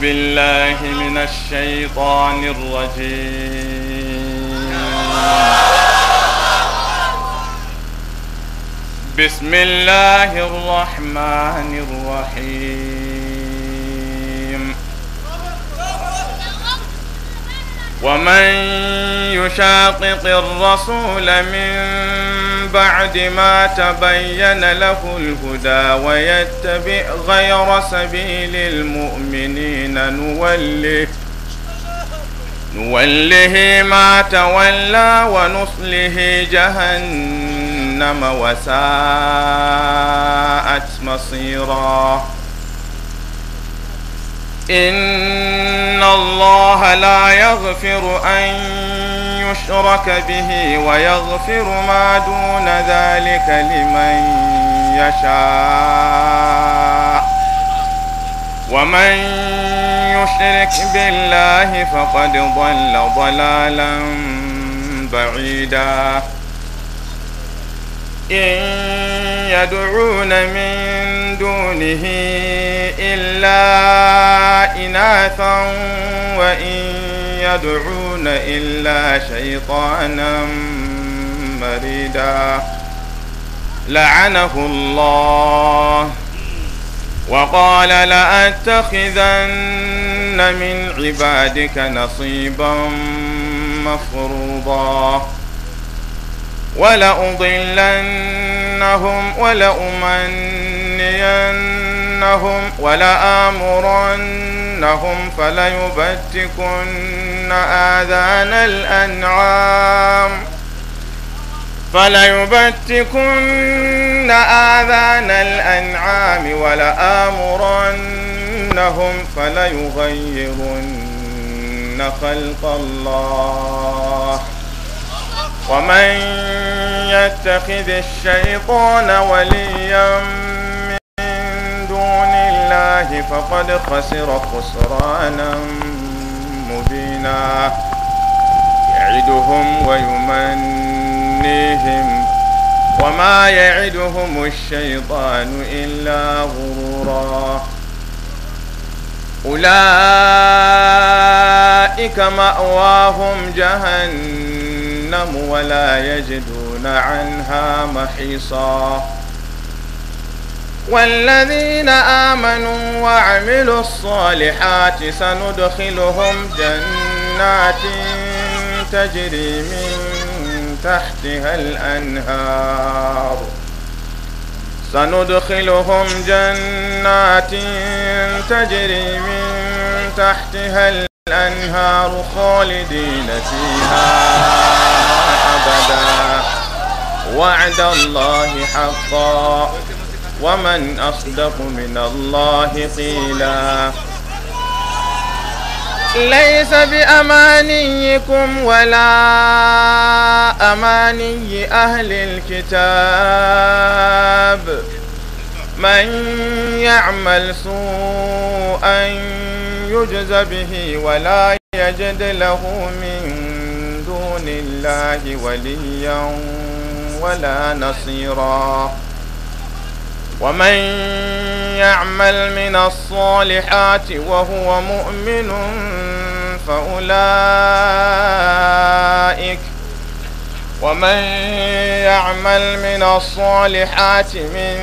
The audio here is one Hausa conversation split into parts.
بالله من الشيطان الرجيم بسم الله الرحمن الرحيم ومن يشاقق الرسول من بعد ما تبين له الهدى ويتبع غير سبيل المؤمنين نوله نوله ما تولى ونصله جهنم وساءت مصيرا إن الله لا يغفر أن يشرك به ويغفر ما دون ذلك لمن يشاء ومن يشرك بالله فقد ضل ضلالا بعيدا إن يدعون من دونه إلا إناثا وإن يدعون إلا شيطانا مريدا لعنه الله وقال لأتخذن من عبادك نصيبا مفروضا ولأضلنهم ولأمنين ولآمرنهم ولآمرنهم فليبتكن آذان الأنعام فليبتكن آذان الأنعام ولآمرنهم فليغيرن خلق الله ومن يتخذ الشيطان وليا دون الله فقد خسر خسرانا مبينا يعدهم ويمنيهم وما يعدهم الشيطان إلا غرورا أولئك مأواهم جهنم ولا يجدون عنها محيصا والذين آمنوا وعملوا الصالحات سندخلهم جنات تجري من تحتها الأنهار سندخلهم جنات تجري من تحتها الأنهار خالدين فيها أبدا وعد الله حقا ومن أصدق من الله قيلا ليس بأمانيكم ولا أماني أهل الكتاب من يعمل سوءا يجز به ولا يجد له من دون الله وليا ولا نصيرا ومن يعمل من الصالحات وهو مؤمن فأولئك ومن يعمل من الصالحات من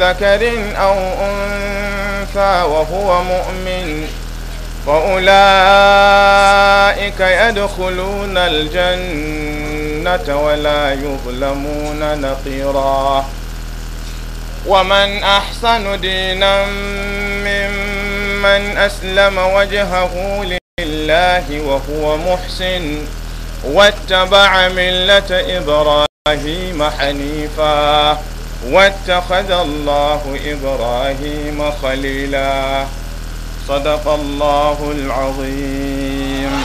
ذكر أو أنثى وهو مؤمن فأولئك يدخلون الجنة ولا يظلمون نقيراً ومن أحسن دينا ممن أسلم وجهه لله وهو محسن واتبع ملة إبراهيم حنيفا واتخذ الله إبراهيم خليلا صدق الله العظيم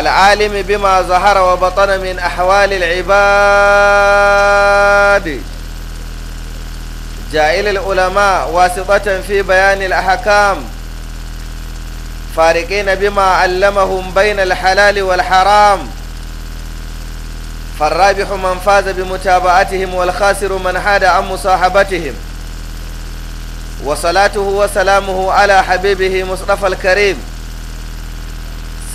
العالم بما ظهر وبطن من أحوال العباد جائل العلماء واسطة في بيان الأحكام فارقين بما علمهم بين الحلال والحرام فالرابح من فاز بمتابعتهم والخاسر من حاد عن مصاحبتهم وصلاته وسلامه على حبيبه مصطفى الكريم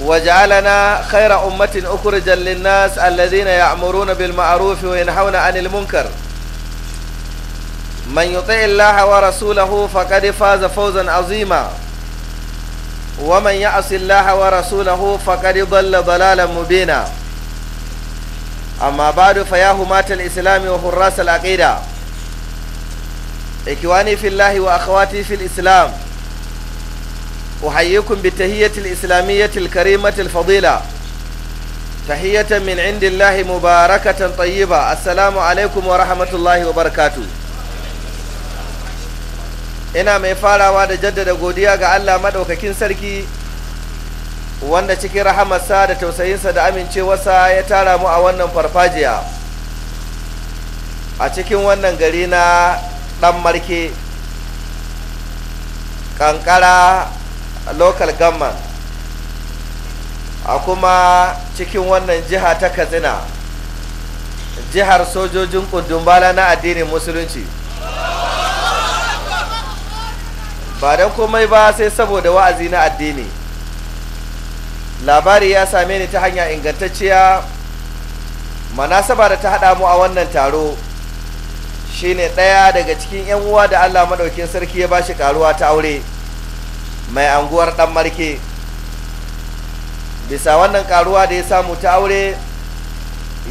وجعلنا خير أمة أخرجا للناس الذين يأمرون بالمعروف وينهون عن المنكر من يطع الله ورسوله فقد فاز فوزا عظيما ومن يعص الله ورسوله فقد ضل ضلالا مبينا أما بعد فيا هماة الإسلام وحراس العقيدة إخواني في الله وأخواتي في الإسلام أحييكم بالتهية الإسلامية الكريمة الفضيلة تحية من عند الله مباركة طيبة السلام عليكم ورحمة الله وبركاته ina mai farawa da jaddada godiya ga Allah maɗaukakin sarki wanda cikin rahamarsa da tausayinsa da amincewarsa ya tara mu a wannan farfajiya a cikin wannan gari na ɗan marke ƙanƙara A local government a kuma cikin wannan jiha ta katsina jihar sojojin kundumbala na addinin musulunci ba don komai ba sai saboda wa'azi na addini labari ya same ni ta hanya ingantacciya manasaba da ta haɗa mu a wannan taro shine ɗaya daga cikin 'yan uwa da allah maɗaukin sarki ya ba shi ƙaruwa ta aure mai anguwar dan marke bisa wannan karuwa da ya samu ta aure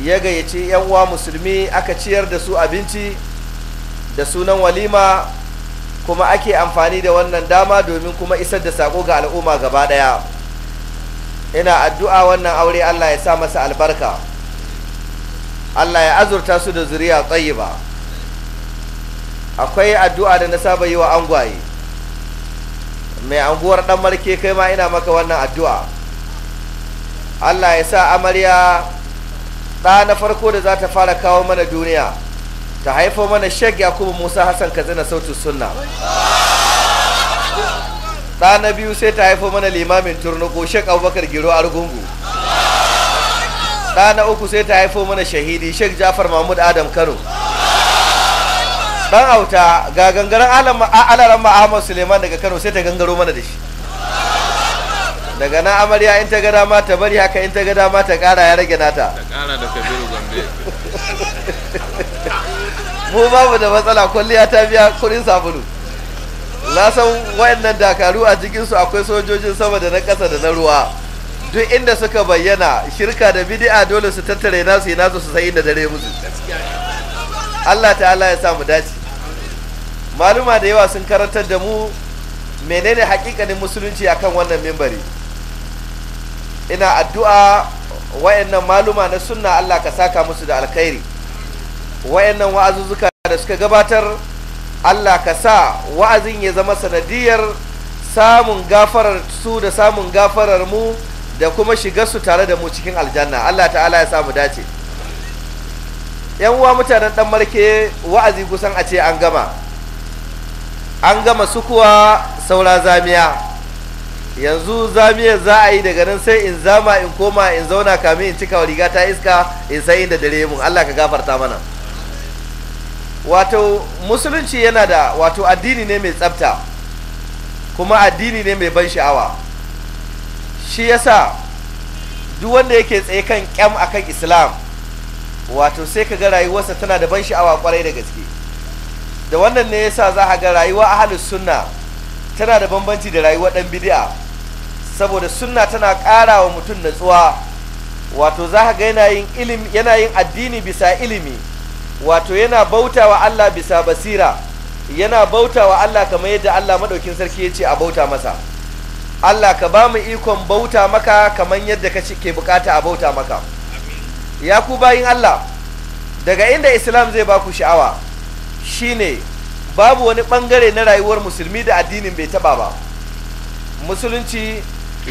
ya gayyaci yan uwa musulmi aka ciyar da su abinci da sunan walima kuma ake amfani da wannan dama domin kuma isar da sako ga al'umma gaba daya ina addu'a wannan aure Allah ya sa masa albarka Allah ya azurta su da zuriya tsayi ba akwai addu'a da na saba yi wa angwaye mai anguwar dan marke kai ma ina maka wannan addu'a Allah ya sa amarya ɗa na farko da za ta fara kawo mana duniya ta haifo mana shek yakubu musa hassan na sautin sunna ɗa na biyu sai ta haifo mana limamin Turnuku shek abubakar giro argungu ɗa na uku sai ta haifo mana shahidi shek jafar mahmud adam kano dan auta ga gangaren alaran Ahmad suleiman daga kano sai ta gangaro mana da shi daga na amarya in ta ga dama ta bari haka in ta ga dama ta kara ya rage nata ta kara mu babu da matsala kwalliya ta biya kurin sabulu na san wayannan dakaru a jikinsu akwai sojojin sama da na ƙasa da na ruwa duk inda suka bayyana shirka da bidi'a dole su tattare nasu yi nasu su sai inda dare musu Allah ta'ala ya samu dace maluma da yawa sun karantar da mu menene hakikanin musulunci akan wannan mimbari ina addu'a wayannan maluma na sunna Allah ka saka musu da alkhairi wayannan wa'azuzzuka da suka gabatar Allah ka sa wa'azin ya zama sanadiyar samun gafarar su da samun gafarar mu da kuma shigar su tare da mu cikin aljanna Allah ta'ala ya samu dace yan uwa mutanen dan marke wa'azi kusan a ce an gama an gama sukuwa saura zamiya yanzu zamiyar za a yi daga nan sai in zama in koma in zauna kamin in cika riga ta iska in sai inda dare mun Allah ka gafarta mana wato musulunci yana da wato addini ne mai tsafta kuma addini ne mai ban sha'awa shi yasa duk wanda yake tsaye kan kyam akan islam wato sai ka ga rayuwarsa tana da ban sha'awa kwarai da gaske da wannan ne yasa za a ga rayuwa a ahalus sunna tana da bambanci da rayuwa dan bid'a saboda sunna tana ƙara wa mutum natsuwa wato za ka ga yana yin addini bisa ilimi wato yana bauta wa Allah bisa basira yana bauta wa Allah kamar yadda Allah madaukin sarki ya ce a bauta masa Allah ka ba mu ikon bauta maka kamar yadda ka ke bukata a bauta maka ya ku bayin Allah daga inda Islam zai ba ku sha'awa shine babu wani bangare na rayuwar musulmi da addinin bai taba ba musulunci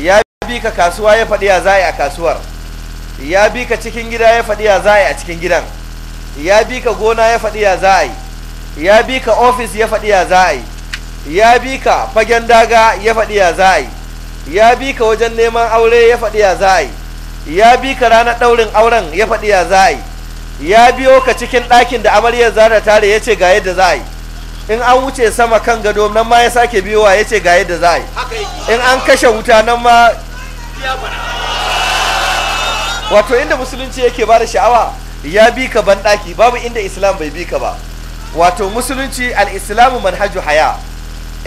ya bi ka kasuwa ya faɗi ya za'a a kasuwar ya bi ka cikin gida ya faɗi ya za'a a cikin gidan ya bi ka gona ya faɗi ya za'a ya bi ka ofis ya faɗi ya za'a ya bi ka fagen daga ya faɗi ya za'a ya bi ka wajen neman aure ya faɗi ya za'a ya bi ka ranar ɗaurin auren ya faɗi ya za'a ya biyo ka cikin ɗakin da amaryar za ta tare ya ce ga yadda za a yi in an wuce sama kan gado nan ma ya sake biyowa ya ce ga yadda za a yi in an kashe wuta nan ma wato inda musulunci yake ba da sha'awa ya bi ka ban ɗaki babu inda islam bai bi ka ba wato musulunci al-islamu manhaju haya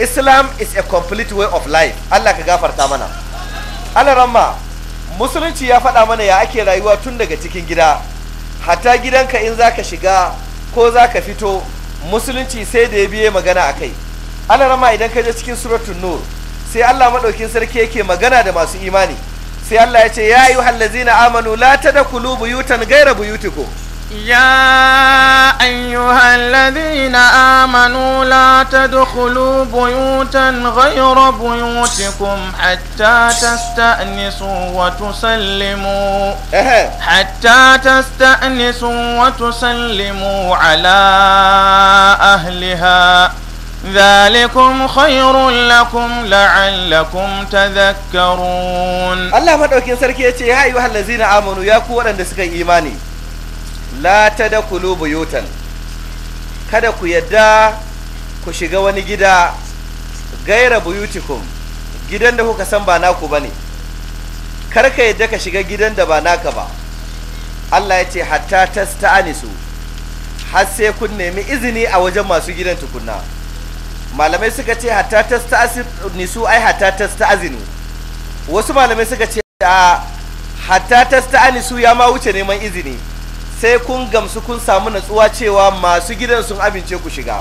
islam is a complete way of life allah ka gafarta mana alaramma musulunci ya faɗa mana ya ake rayuwa tun daga cikin gida hatta gidanka in zaka shiga ko zaka fito musulunci sai da ya biye magana a kai ana rama idan ka je cikin suratun nur sai Allah maɗaukin sarki yake magana da masu imani sai Allah ya ce ya yi na amanu la kulu buyutan gaira buyutiko يا أيها الذين آمنوا لا تدخلوا بيوتا غير بيوتكم حتى تستأنسوا وتسلموا حتى تستأنسوا وتسلموا على أهلها ذلكم خير لكم لعلكم تذكرون الله ما دوكين سركي يا أيها الذين آمنوا يا كو ودان da suka imani la tadkhulu buyutan kada ku yadda ku shiga wani gida gaira buyutikum gidan da kuka san ba naku ne, kar ka yadda ka shiga gidan da ba naka ba Allah ya ce hatta tasta'anisu har sai kun nemi izini a wajen masu gidan tukunna malamai suka ce hatta tasta'anisu ai hatta tasta'azinu wasu malamai suka ce a hatta tasta'anisu ya ma wuce neman izini sai kun gamsu kun samu natsuwa cewa masu gidan sun amince ku shiga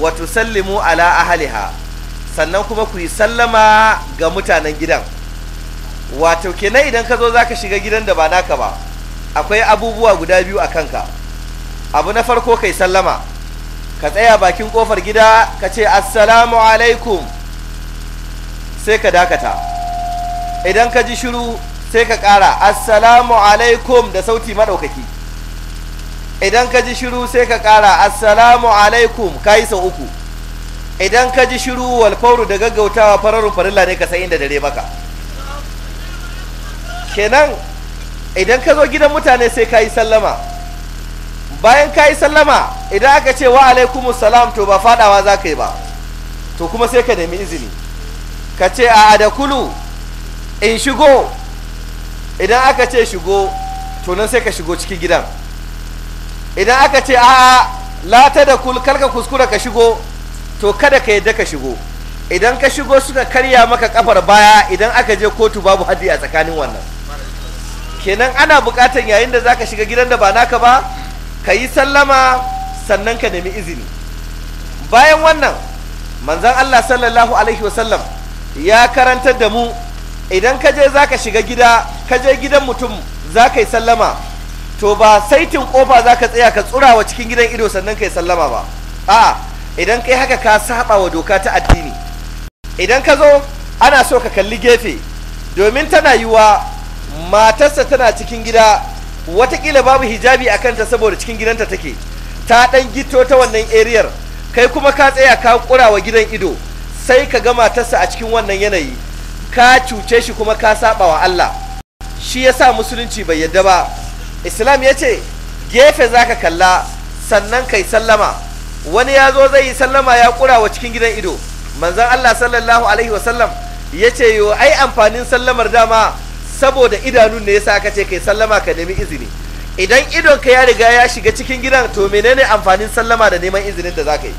wato sallimu ala ahaliha sannan kuma ku yi sallama ga mutanen gidan wato kenan idan ka zo za ka shiga gidan da ba naka ba akwai abubuwa guda biyu a kanka abu na farko kai sallama ka tsaya bakin kofar gida ka ce assalamu alaikum sai ka dakata idan ka ji shiru sai ka ƙara assalamu alaikum da sauti maɗaukaki idan ka ji shiru sai ka ƙara assalamu alaikum ka yi sau uku idan ka ji shiru walfauru da gaggautawa fararun farilla ne ka san inda dare maka kenan idan ka zo gidan mutane sai ka yi sallama bayan ka yi sallama idan aka ce wa alaikum salam to ba fadawa za ka yi ba to kuma sai ka nemi izini ka ce a adakulu in shigo idan aka ce shigo to nan sai ka shigo cikin gidan idan aka ce a lata da kul karka kuskura ka shigo to kada ka yadda ka shigo idan ka shigo suka karya maka kafar baya idan aka je kotu babu haddi a tsakanin wannan kenan ana bukatan yayin da za ka shiga gidan da ba naka ba ka yi sallama sannan ka nemi izini bayan wannan manzon Allah sallallahu alaihi wasallam ya karantar da mu idan ka je za ka shiga gida ka je gidan mutum za ka yi sallama to ba saitin kofa za ka tsaya ka tsura wa cikin gidan ido sannan ka yi sallama ba a idan kai haka ka saba wa doka ta addini idan ka zo ana so ka kalli gefe domin tana yiwa matarsa tana cikin gida watakila babu hijabi a kanta saboda cikin gidanta take ta ɗan gito ta wannan eriyar kai kuma ka tsaya ka ƙura wa gidan ido sai ka ga matarsa a cikin wannan yanayi ka cuce shi kuma ka saba wa Allah shi ya sa musulunci bai yadda ba islam ya ce gefe za ka kalla sannan kai sallama wani ya zo zai yi sallama ya kura wa cikin gidan ido manzon Allah sallallahu alaihi wasallam ya ce yo ai amfanin sallamar dama saboda idanun ne yasa ka ce kai sallama ka nemi izini idan idon ka ya riga ya shiga cikin gidan to menene amfanin sallama da neman izinin da za ka yi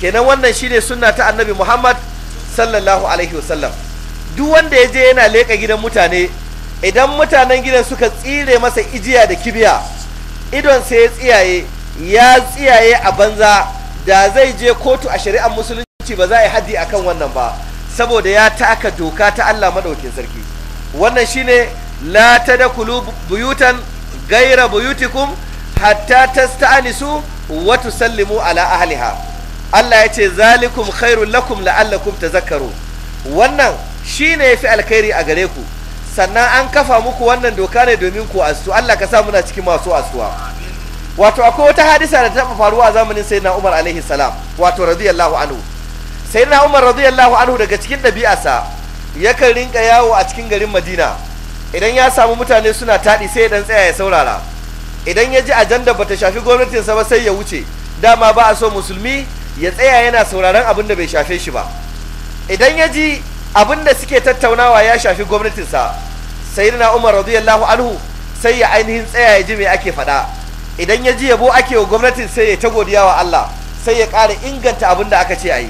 kenan wannan shine sunna ta annabi Muhammad sallallahu alaihi wasallam duk wanda ya je yana leƙa gidan mutane idan mutanen gidan suka tsire masa ijiya da kibiya idon sai ya tsiyaye ya tsiyaye a banza da zai je kotu a shari'ar musulunci ba za a yi haddi a kan wannan ba saboda ya taka doka ta Allah madaukin sarki wannan shine la Kulu buyutan gaira buyutikum hatta tasta'nisu wa tusallimu ala ahliha Allah ya ce zalikum khairul lakum la'allakum tazakkaru wannan shi ne ya fi alkhairi a gare ku sannan an kafa muku wannan doka ne domin ku asu. Allah ka sa muna cikin masu asuwa. wato akwai wata hadisa da ta taɓa faruwa a zamanin sayyidina Umar alaihi salam wato radiyallahu anhu sayyidina Umar radiyallahu anhu daga cikin ya yakan rinka yawo a cikin garin Madina idan ya samu mutane suna taɗi sai dan tsaya ya saurara idan ya ji ajanda bata shafi gwamnatin sa ba sai ya wuce dama ba a so musulmi ya tsaya yana sauraron abin da bai shafe shi ba idan ya ji abin da suke tattaunawa ya shafi gwamnatinsa Sai na umar radiyallahu anhu sai ya ainihin tsaya ya ji me ake faɗa idan ya ji yabo ake wa gwamnatin sai ya ta godiya wa Allah sai ya ƙara inganta abin da aka ce a yi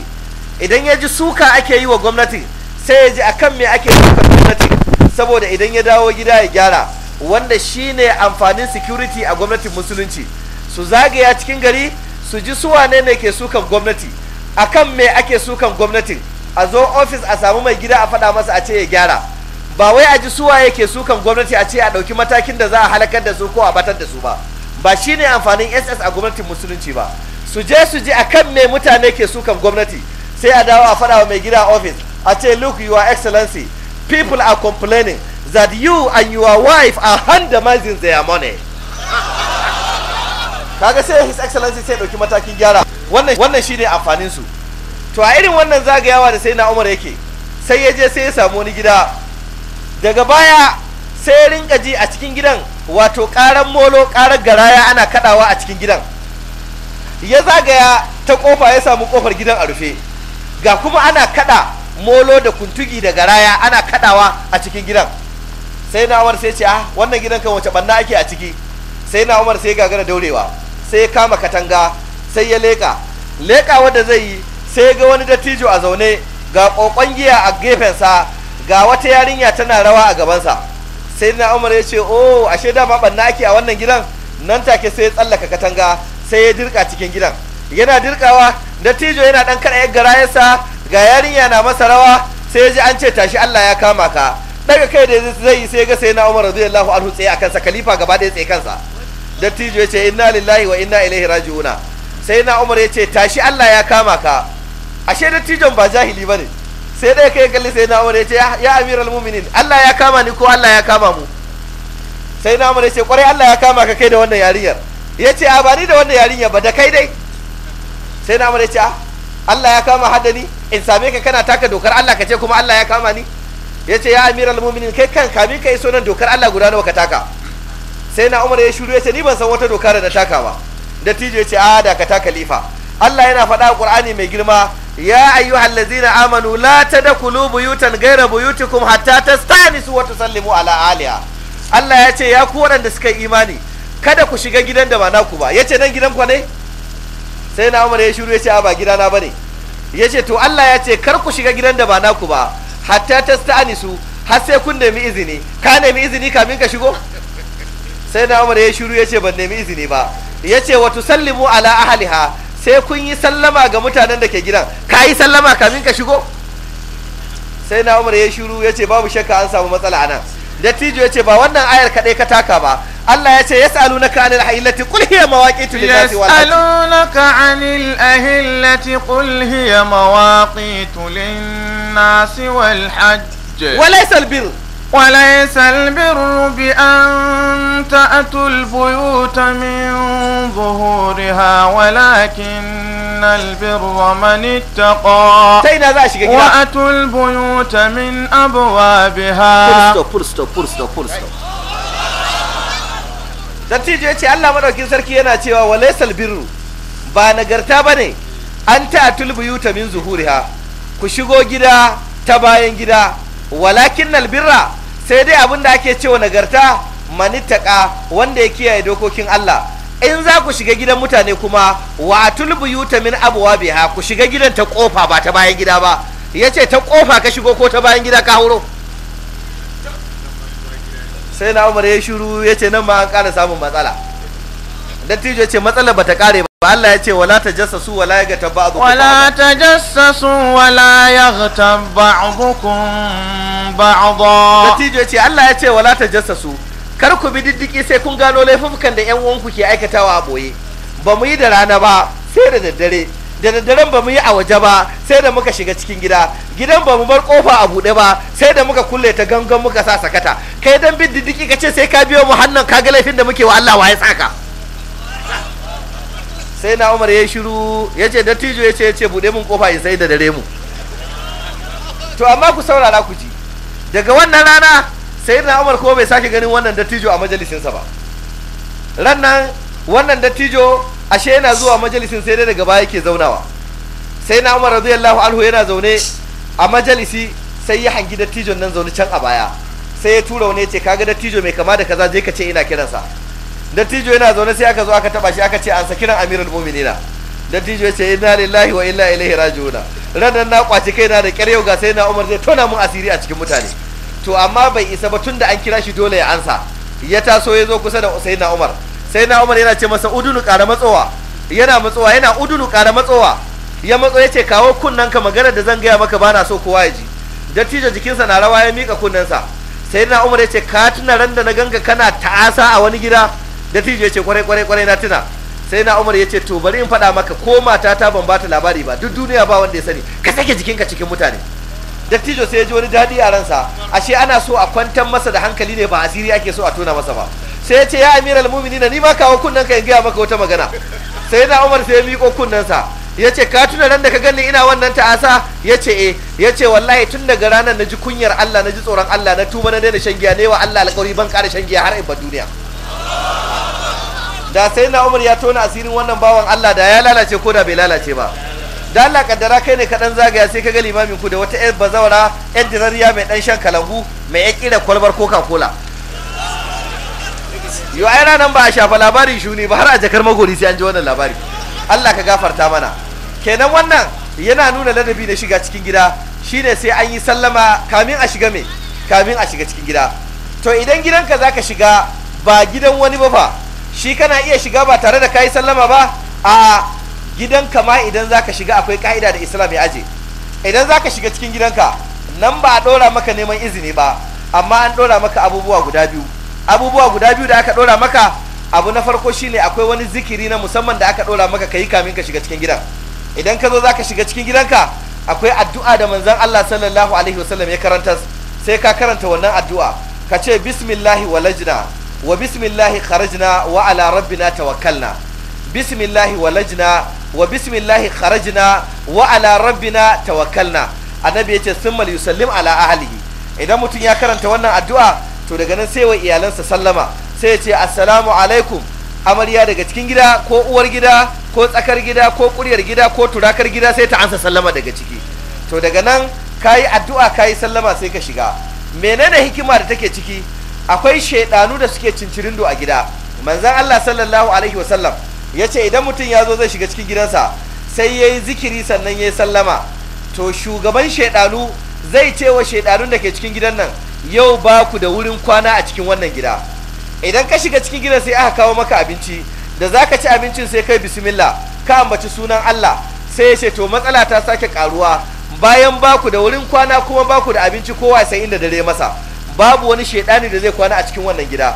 idan ya ji suka ake yi wa gwamnati sai ya ji akan me ake wa gwamnati saboda idan ya dawo gida ya gyara wanda shine amfanin security a gwamnatin musulunci su zagaya cikin gari su ji su wane ne ke sukan gwamnati akan me ake sukan gwamnatin a zo ofis a samu mai gida a faɗa masa a ce ya gyara ba wai a ji suwa yake sukan gwamnati a ce a ɗauki matakin da za a halakar da su ko a batar da su ba ba shine amfanin ss a gwamnatin musulunci ba su je su ji a kan me mutane ke sukan gwamnati sai a dawo a faɗa mai gida ofis a ce look your excellency people are complaining that you and your wife are handamizing their money kaga sai his excellency sai ɗauki matakin gyara wannan shine amfanin su to a irin wannan zagayawa da sai na umar yake sai ya je sai ya samu wani gida daga baya sai ya rinka ji a cikin gidan wato karan molo karan garaya ana kadawa a cikin gidan ya zagaya ta kofa ya samu kofar gidan a rufe ga kuma ana kada molo da kuntugi da garaya ana kadawa a cikin gidan sai na umar sai ce ah wannan gidan kan wace banna ake a ciki sai na umar sai ya gagara daurewa sai ya kama katanga sai ya leka leka wanda zai yi sai ga wani dattijo a zaune ga kokon giya a gefensa ga wata yarinya tana rawa a gabansa sai na umar ya ce o oh, ashe da ma banna ake a wannan gidan nan take sai ya tsallaka katanga sai ya dirka cikin gidan yana dirkawa dattijo yana dan kada garayarsa ga yarinya na masa rawa sai ya ji an ce tashi Allah ya kama ka daga kai da zai yi sai ga sai na Umar radiyallahu anhu tsaye a kansa khalifa gaba ɗaya tsaye kansa dattijo ya ce inna lillahi wa inna ilaihi raji'una sai na Umar ya ce tashi Allah ya kama ka ashe dattijon ba jahili ba ne sai dai kai kalli sai na umar ya ce ya al mu'minin Allah ya kama ni ko Allah ya kama mu sai na umar ya ce kwarai Allah ya kama ka kai da wannan yarinyar ya ce a bani da wannan yarinyar ba da kai dai sai na umar ya ce Allah ya kama haddani in same ka kana taka dokar Allah ka ce kuma Allah ya kama ni ya ce ya al mu'minin kai kan kami ka iso nan dokar Allah guda nawa ka taka sai na umar ya shuru ya ce ni ban san wata doka da na taka ba da tijo ya ce a da ka taka lifa Allah yana faɗa a Qur'ani mai girma ya ayyuhal ladzina amanu la tadkhulu buyutan ghayra buyutikum hatta tastanisu wa tusallimu ala aliha Allah ya ce ya ku waɗanda suka yi imani kada ku shiga gidan da ba naku ba ce nan gidan ku ne sai na Umar ya shiru ce a ba gidana bane ce to Allah ya ce kar ku shiga gidan da ba naku ba hatta tastanisu har sai kun nemi izini ka nemi izini kamin ka shigo sai na Umar ya shiru ce ban nemi izini ba Ya ce wa tusallimu ala ahliha sai kun yi sallama ga mutanen da ke gidan ka yi sallama kamin ka shigo sai na umar ya shiru ya ce babu shakka an samu matsala a nan dattijo ya ce ba wannan ayar kaɗai ka taka ba Allah ya ce ya salu na ka'anil ahillati qul hiya mawaqitu lin-nasi wal hajj walaysa وليس البر بأن تأتوا البيوت من ظهورها ولكن البر من اتقى وأتوا البيوت من أبوابها dattijo ya ce Allah madaukin sarki yana cewa wa laisal birru ba nagarta ba ne an ta tulbuyuta min zuhuriha ku shigo gida ta bayan gida walakin birra sai dai abin da ake cewa nagarta manittaka wanda ya kiyaye dokokin Allah in za ku shiga gidan mutane kuma wa tulbuyuta min biha ku shiga gidan ta kofa ba ta bayan gida ba yace ta kofa ka shigo ko ta bayan gida ka hauro sai na Umar ya shiru yace nan ma an kara samun matsala dattijo yace matsala ta kare ba Allah ya ce wala tajassasu wala yaghtab ba'dukum wala tajassasu wala yaghtab ba'dukum ba'dha natijo yace Allah ya ce wala tajassasu kar ku bi diddiki sai kun gano laifukan da yan uwanku ke aikatawa a boye ba mu yi da rana ba sai da daddare da daddaren ba mu yi a waje ba sai da muka shiga cikin gida gidan ba mu bar kofa a buɗe ba sai da muka kulle ta gangan muka sa sakata kai dan bin diddiki kace sai ka biyo mu hannan ka ga laifin da muke wa Allah waye tsaka sai na Umar ya shiru yace dattijo ya ce buɗe mun kofa ya sai da dare mu to amma ku saurara ku ji daga wannan rana sai na umar ko bai sake ganin wannan dattijo a majalisinsa ba Rannan, wannan dattijo ashe yana zuwa majalisin sai dai daga baya yake zaunawa sai na umar radiyallahu anhu yana zaune a majalisi sai ya hangi dattijon nan zaune can a baya sai ya tura wani ce kaga dattijo mai kama da kaza je ka ce ina kiransa dattijo yana zaune sai aka zo aka taba shi aka ce an sa kiran amirul mu'minina dattijo ya ce inna lillahi wa inna ilaihi raji'una ranar na kwaci kaina da kyar yau ga sai na umar zai tona mun asiri a cikin mutane to amma bai isa ba tunda an kira shi dole ya ansa ya taso ya zo kusa da sai na umar sai na umar yana ce masa udunu ƙara matsowa yana matsowa yana udunu ƙara matsowa ya matso ya ce kawo kunnen ka magana da zan gaya maka bana so kowa ya ji dattijo jikinsa na rawa ya mika sa sai na umar ya ce ka tuna ran da na ganga kana ta'asa a wani gida dattijo ya ce kwarai kwarai kwarai na tuna sai na umar ya ce to bari in faɗa maka ko matata ban bata labari ba duk duniya ba wanda ya sani ka sake jikinka cikin mutane dattijo sai ya ji wani daɗi a ransa ashe ana so a kwantar masa da hankali ne ba asiri ake so a tona masa ba sai ya ce ya amiral muminina ni ma kawo kunnen ka in gaya maka wata magana sai na umar sai ya miƙo kunnensa ya ce ka tuna ran da ka gani ina wannan ta'asa ya ce eh ya ce wallahi tun daga ranar na ji kunyar Allah na ji tsoron Allah na tuba na daina shan giya ne wa Allah alƙawari ban ƙara shan giya har in ba duniya da sai na umar ya tona asirin wannan bawan Allah da ya lalace ko da bai lalace ba da Allah kaddara kai ne kaɗan zagaya sai ka ga limamin ku da wata yar bazawara yar dirariya mai ɗan shan kalangu mai ya kira kwalbar coca cola yo ai ranan ba a shafa labari shuni ba har a jakar magori sai an ji wannan labari Allah ka gafarta mana kenan wannan yana nuna ladabi na shiga cikin gida shine sai an yi sallama kamin a shiga me kamin a shiga cikin gida to idan gidanka zaka shiga ba gidan wani ba fa shi kana iya shiga ba tare da kayi sallama ba a gidanka ma idan zaka shiga akwai ka'ida da islam ya aje idan zaka shiga cikin gidanka nan ba a dora maka neman izini ba amma an dora maka abubuwa guda biyu abubuwa guda biyu da aka dora maka abu na farko shine akwai wani zikiri na musamman da aka dora maka kayi kamin ka shiga cikin gidan idan ka zo zaka shiga cikin gidanka akwai addu'a da manzon Allah sallallahu alaihi wasallam ya karanta sai ka karanta wannan addu'a ka ce bismillahi walajna wa bismillahi kharajna wa ala rabbina tawakkalna bismillahi walajna wa bismillahi kharajna wa ala rabbina tawakkalna annabi yace summal yusallim ala ahlihi idan mutum ya karanta wannan addu'a to daga nan sai wa iyalansa sallama sai yace ce assalamu alaikum amarya daga cikin gida ko uwar gida ko tsakar gida ko kuryar gida ko turakar gida sai ta ansa sallama daga ciki to daga nan kayi addu'a kayi sallama sai ka shiga menene hikima da take ciki akwai shaidanu da suke cincirindo a gida manzan Allah sallallahu alaihi wasallam ya ce idan mutum ya zo zai shiga cikin gidansa sai ya yi zikiri sannan ya yi sallama to shugaban shaidanu zai ce wa shaidanun da ke cikin gidan nan yau ba ku da wurin kwana a cikin wannan gida idan ka shiga cikin gidan sai aka kawo maka abinci da za ka ci abincin sai kai bismillah ka ambaci sunan Allah sai ya ce to matsala ta sake karuwa bayan ba ku da wurin kwana kuma ba ku da abinci kowa sai inda dare masa babu wani shaidani da zai kwana a cikin wannan gida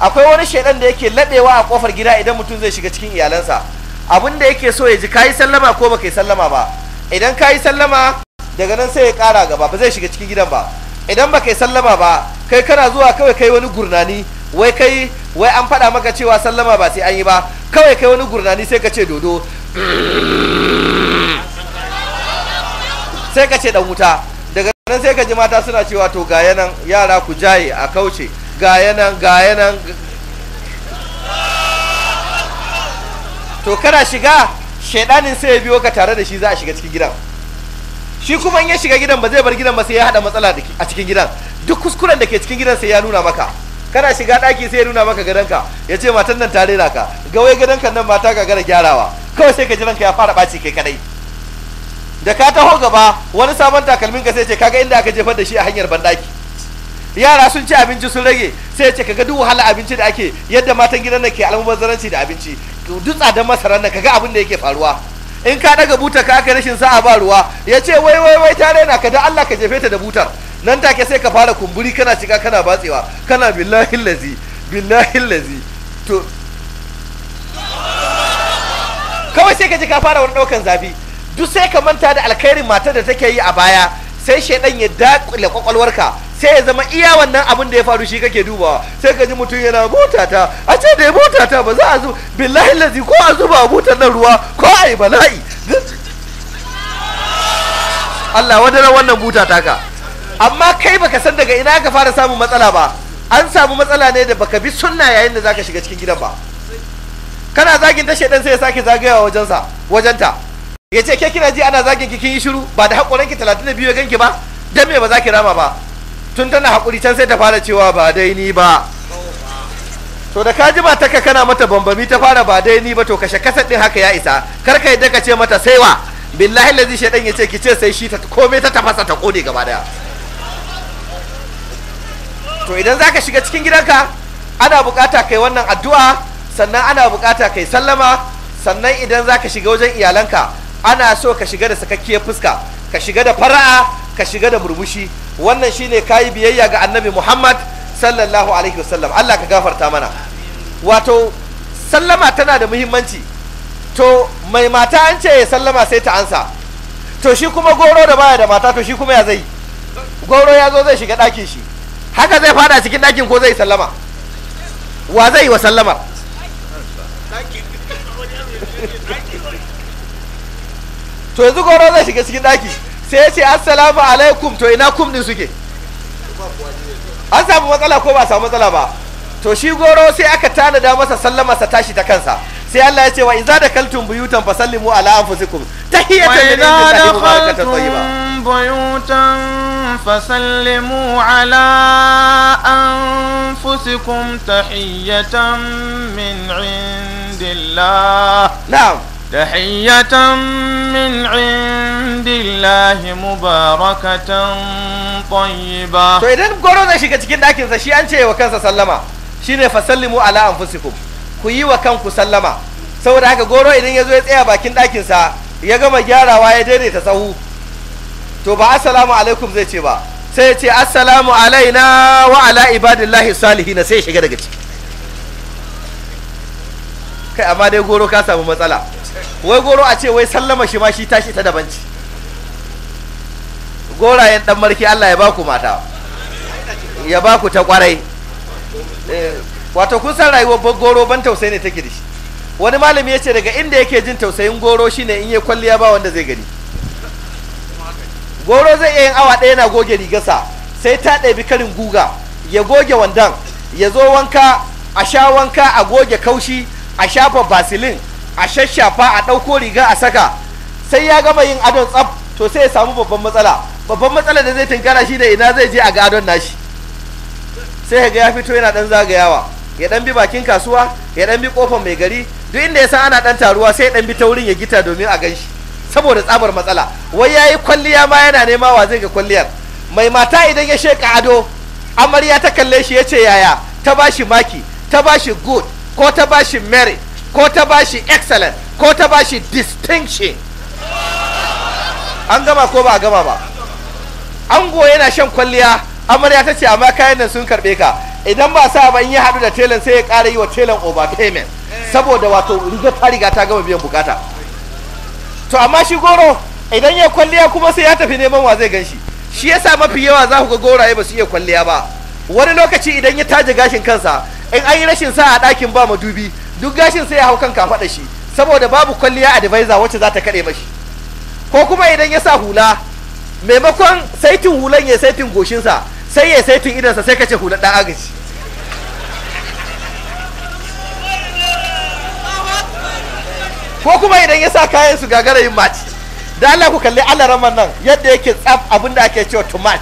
akwai wani shaidan da yake ladewa a kofar gida idan mutum zai shiga cikin iyalansa abin da yake so ya ji kayi sallama ko baka yi sallama ba idan kayi sallama daga nan sai ya kara gaba ba zai shiga cikin gidan ba idan baka yi sallama ba kai kana zuwa kawai kai wani gurnani wai kai wai an faɗa maka cewa sallama ba sai an yi ba kawai kai wani gurnani sai ka ce dodo sai ka ce dan wuta nan sai gaji mata suna cewa to ga yanan yara ku jaye a kauce ga yanan ga yanan to kana shiga shaidanin sai ya biyo ka tare da shi za a shiga cikin gidan shi kuma in ya shiga gidan ba zai bar gidan ba sai ya hada matsala a cikin gidan duk kuskuren da ke cikin gidan sai ya nuna maka kana shiga daki sai ya nuna maka gadonka ya ce matan nan tare da ka ga wai gadonka nan mata ga gara gyarawa kawai sai ka ji ranka ya fara ɓaci kai kadai da ka taho gaba wani sabon takalmin ka sai ce kaga inda aka jefar da shi a hanyar bandaki yara sun ci abinci sun rage sai ce kaga duk wahala abinci da ake yadda matan gidan nan ke almubazzaranci da abinci duk tsadan masaran nan kaga abin da yake faruwa in ka daga butar ka aka rashin sa'a ba ruwa ya ce wai wai wai ta raina ka da Allah ka jefe ta da butar nan take sai ka fara kumburi kana shiga kana batsewa kana billahi lazi billahi lazi to kawai sai ka ji ka fara wani daukan zafi duk sai ka manta da alkhairin matar da take yi a baya sai shaidan ya dakule kwakwalwarka sai ya zama iya wannan abin da ya faru shi kake dubawa sai ka ji mutum yana butata ta a ce da ya butata ba za a zo billahi lazi ko a zuba a butan nan ruwa ko a yi bala'i Allah wadaran wannan buta ka amma kai baka san daga ina ka fara samun matsala ba an samu matsala ne da baka bi sunna yayin da zaka shiga cikin gidan ba kana zagin ta shaidan sai ya sake zagayawa wajensa wajenta ya ce ke kina ji ana zagin ki kin yi shiru ba da ki talatin da biyu ya ganki ba dan me ba za ki rama ba tun tana hakuri can sai ta fara cewa ba dai ni ba to da ka ji ba ta kana mata bambami ta fara ba dai ni ba to kashe kasar din haka ya isa kar ka yadda ka ce mata sai wa billahi lazi shaidan ya ce ki ce sai shi ta komai ta tafasa ta kone gaba daya to idan za ka shiga cikin gidanka ana bukata kai wannan addu'a sannan ana bukata kai sallama sannan idan za ka shiga wajen iyalanka ana so ka shiga da sakakkiyar fuska ka shiga da fara'a ka shiga da murmushi wannan shine kayi biyayya ga annabi muhammad sallallahu alaihi wasallam allah ka gafarta mana wato sallama tana da muhimmanci to mai mata an ce ya sallama sai ta ansa to shi kuma goro da baya da mata to shi kuma ya zai goro ya zo zai shiga ɗakin shi haka zai fada cikin ɗakin ko zai sallama wa zai wa sallamar to yanzu goro zai shiga cikin daki sai ya ce assalamu alaikum to ina kum din suke an samu matsala ko ba samu matsala ba to shi goro sai aka tanada masa sallama sa tashi ta kansa sai Allah ya ce wa idza dakaltum buyutan fasallimu ala anfusikum tahiyatan min inda mubarakatan tayyiba تحية من عند الله مباركة طيبة to idan gwaro zai shiga cikin ɗakinsa shi an ce wa kansa sallama shine fa sallimu ala anfusikum ku yi wa kanku sallama saboda haka goro idan ya zo ya tsaya bakin ɗakinsa ya gama gyarawa ya daidaita sahu to ba assalamu alaikum zai ce ba sai ya ce assalamu alaina wa ala ibadillahi salihin sai ya shiga daga ciki kai amma dai goro ka samu matsala wai goro a ce wai sallama shi ma shi tashi ta daban ci gorayen dan marki Allah ya baku mata ya baku ta kwarai eh, wato kun san rayuwar goro ban tausayi ne take da shi wani malami ya ce daga inda yake jin tausayin goro shine in ya kwalliya ba wanda zai gani goro zai iya yin awa ɗaya na goge rigarsa sai ta ɗabi karin guga ya goge wandan ya zo wanka a sha wanka a goge kaushi a shafa basilin a shashafa a ɗauko riga a saka sai ya gama yin adon tsaf to sai ya samu babban matsala babban matsala da zai tunkara shi da ina zai je a ga adon nashi sai ga ya fito yana dan zagayawa ya dan bi bakin kasuwa ya dan bi kofar mai gari duk inda ya san ana dan taruwa sai ya dan bi ta wurin ya gita domin a gan shi saboda tsabar matsala wai ya yi kwalliya ma yana nema wa zai ga kwalliyar mai mata idan ya sheka ado amarya ta kalle shi ya ce yaya ta bashi maki ta bashi good ko ta bashi shi merit ko ta ba shi excellent ko ta ba shi distinction an gama ko ba a gama ba ango yana shan kwalliya amarya ta ce amma kayan nan sun karbe ka idan ba sa ba in ya haɗu da telan sai ya ƙara yi wa telan overpayment saboda wato riga ta riga ta gama biyan bukata to amma shi goro idan ya kwalliya kuma sai ya tafi neman wa zai ganshi shi yasa mafi yawa za ku ga goraye ba su iya kwalliya ba wani lokaci idan ya taje gashin kansa in an yi rashin sa a ɗakin ba dubi. duk gashin sai ya hau kan faɗa shi saboda babu kwalliya advisor wacce za ta kaɗe mashi ko kuma idan ya sa hula maimakon saitin hulan ya saitin goshinsa sai ya saitin idansa sai kace hula ɗan agaji ko kuma idan ya sa kayan su gagara yin match da Allah ku kalli Allah nan yadda yake tsaf abinda ake cewa to mat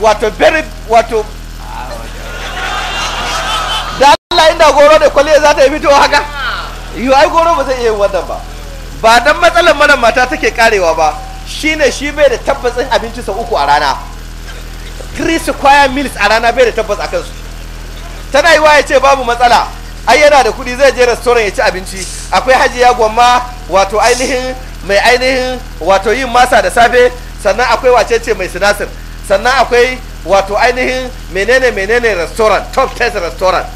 wato very wato Allah inda goro da kwalliya za ta yi fitowa haka yi ai goro ba zai iya wannan ba ba dan matsalar mana mata take karewa ba shine shi bai da tabbacin abinci sau uku a rana three square meals a rana bai da tabbas a kansu tana yi ya ce babu matsala ai yana da kuɗi zai je restaurant ya ci abinci akwai haji ya gwamma wato ainihin mai ainihin wato yin masa da safe sannan akwai wacece mai sinasir sannan akwai wato ainihin menene menene restaurant top test restaurant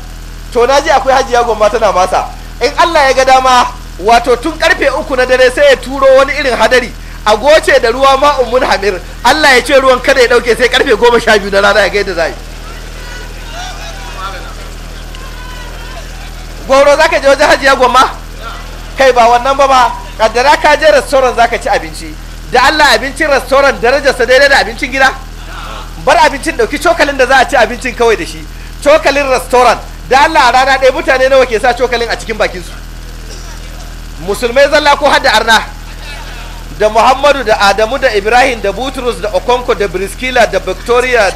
to na ji akwai hajiya gomma tana masa in Allah ya ga dama wato tun karfe uku na dare sai ya turo wani irin hadari a goce da ruwa ma umun hamir Allah ya ce ruwan kada ya dauke sai karfe goma sha biyu na rana ya gaida yadda za goro za ka je wajen hajiya gomma kai ba wannan ba ba kaddara ka je restaurant za ka ci abinci da Allah abincin restaurant darajarsa daidai da abincin gida bar abincin dauki cokalin da za a ci abincin kawai da shi cokalin restaurant da Allah rana ɗaya mutane nawa ke sa cokalin a cikin bakinsu musulmai zalla ko hada arna da muhammadu da adamu da ibrahim da butrus da okonko da briskila da victoria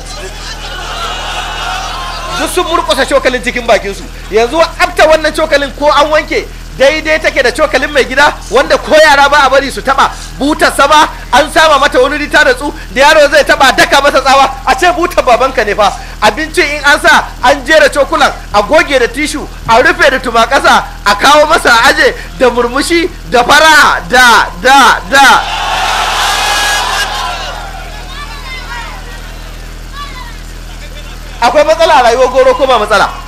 duk sun murkusa cokalin cikin bakinsu yanzu abta wannan cokalin ko an wanke daidai take da cokalin mai gida wanda ko yara ba a bari su taba buta sama. an sama mata wani rita da tsu da yaro zai taba daka masa tsawa a ce buta babanka ne fa abincin in an sa an jera cokulan a goge da tishu a rufe da tumakasa a kawo masa aje da murmushi da fara da da da akwai matsala a rayuwar goro ko ba matsala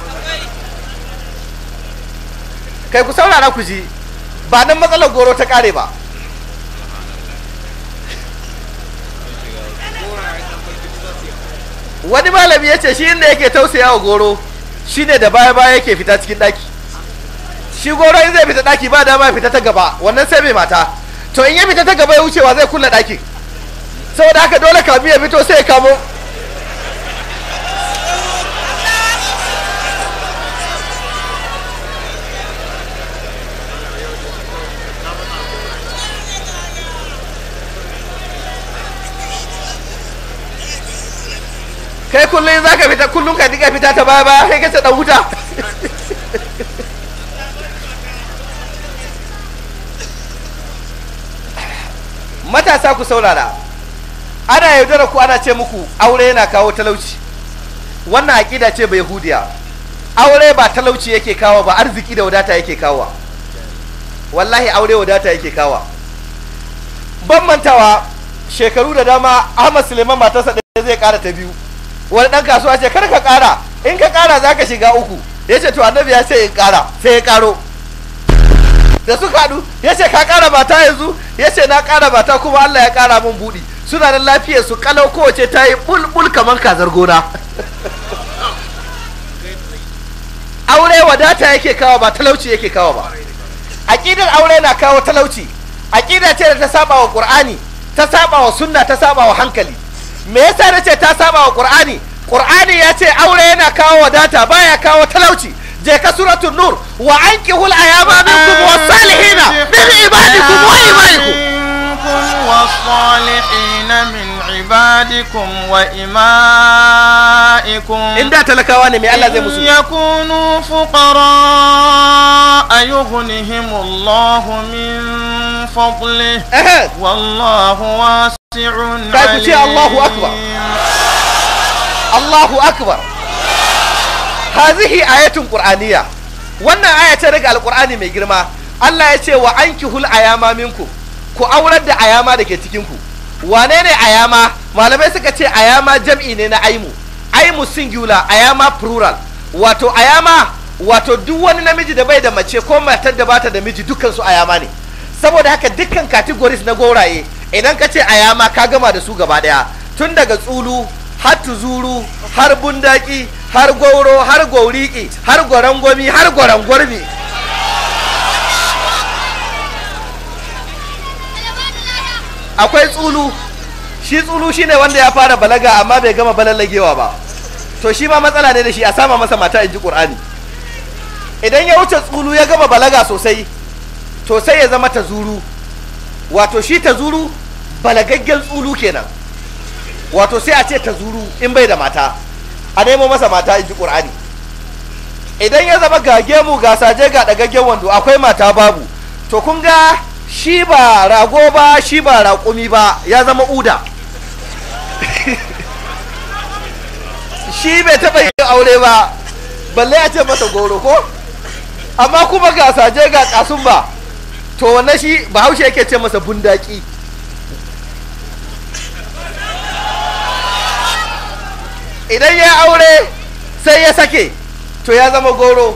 kai ku saurara ku ji ba nan matsalar goro ta kare ba wani malami ya ce shi inda yake tausaya wa goro shi ne da baya baya yake fita cikin ɗaki shi goro in zai fita ɗaki ba dama ya fita ta gaba wannan sai mai mata to in ya fita ta gaba ya wucewa zai kulle ɗakin saboda haka dole kamin fito sai ya kamo kai kullum za ka fita kullum ka diga fita ta baya baya kai kace dan wuta matasa ku saurara ana yaudara ku ana ce muku aure yana kawo talauci wannan aƙida ce bai hudiya aure ba talauci yake kawo ba arziki da wadata yake kawo wallahi aure wadata yake kawo ban mantawa shekaru da dama ahmad suleiman matarsa ɗaya zai ƙara ta biyu wani dan kasuwa ce kar ka kara in ka kara za ka shiga uku ya ce to annabi ya ce in kara sai ya karo da suka haɗu ya ce ka kara bata yanzu ya ce na kara bata kuma Allah ya kara min buɗi suna da lafiyar su kalau kowace ta yi bulbul kamar kazar gona aure wadata yake kawo ba talauci yake kawo ba aƙidar aure na kawo talauci aƙida ce da ta saba wa ƙur'ani ta saba wa sunna ta saba wa hankali me yasa nace ce ta saba wa qur'ani qur'ani ya ce aure yana kawo wadata baya kawo talauci je ka suratul nur wa ankihu al ayama minkum was salihina min ibadikum wa imanikum was salihina min ribadikum wa imaikun in talakawa ne mai Allah zai musu. min ya kunu min fukli wallahu wasu cunyali. allahu akhbar allahu akhbar hazihi ayyatan qur'aniya wannan ayyatani daga qur'ani mai girma Allah ya ce wa an ki hula ku aurar da ayama da ke cikin ku. wane ne ayama malamai suka ce ayama jam'i ne na aimu aimu singular ayama plural wato ayama wato duk wani namiji da bai da mace ko matar da bata da miji dukkan su ayama ne saboda haka dukkan categories na goraye idan ka ce ayama ka gama da su gaba daya tun daga tsulu har tuzuru har bundaki har goro har gauriki har gwarangwami har gwarangwarmi akwai tsulu shi tsulu shi ne wanda ya fara balaga amma bai gama balallagewa ba to shi ma matsala ne da shi a sama masa mata in ji ƙur'ani idan ya wuce tsulu ya gama balaga sosai to sai ya zama ta zuru wato shi ta zuru balagaggen tsulu kenan wato sai a ce ta zuru in bai da mata a nemo masa mata in ji ƙur'ani idan ya zama ga gemu ga saje ga ɗagaggen wando akwai mata babu to kun ga shi ba rago ba shi ba raƙumi ba ya zama uda shi bai taɓa yin aure ba balle ya ce masa goro ko amma kuma ga saje ga ƙasun ba to wannan shi bahaushe yake ce masa bundaki idan ya aure sai ya sake to ya zama goro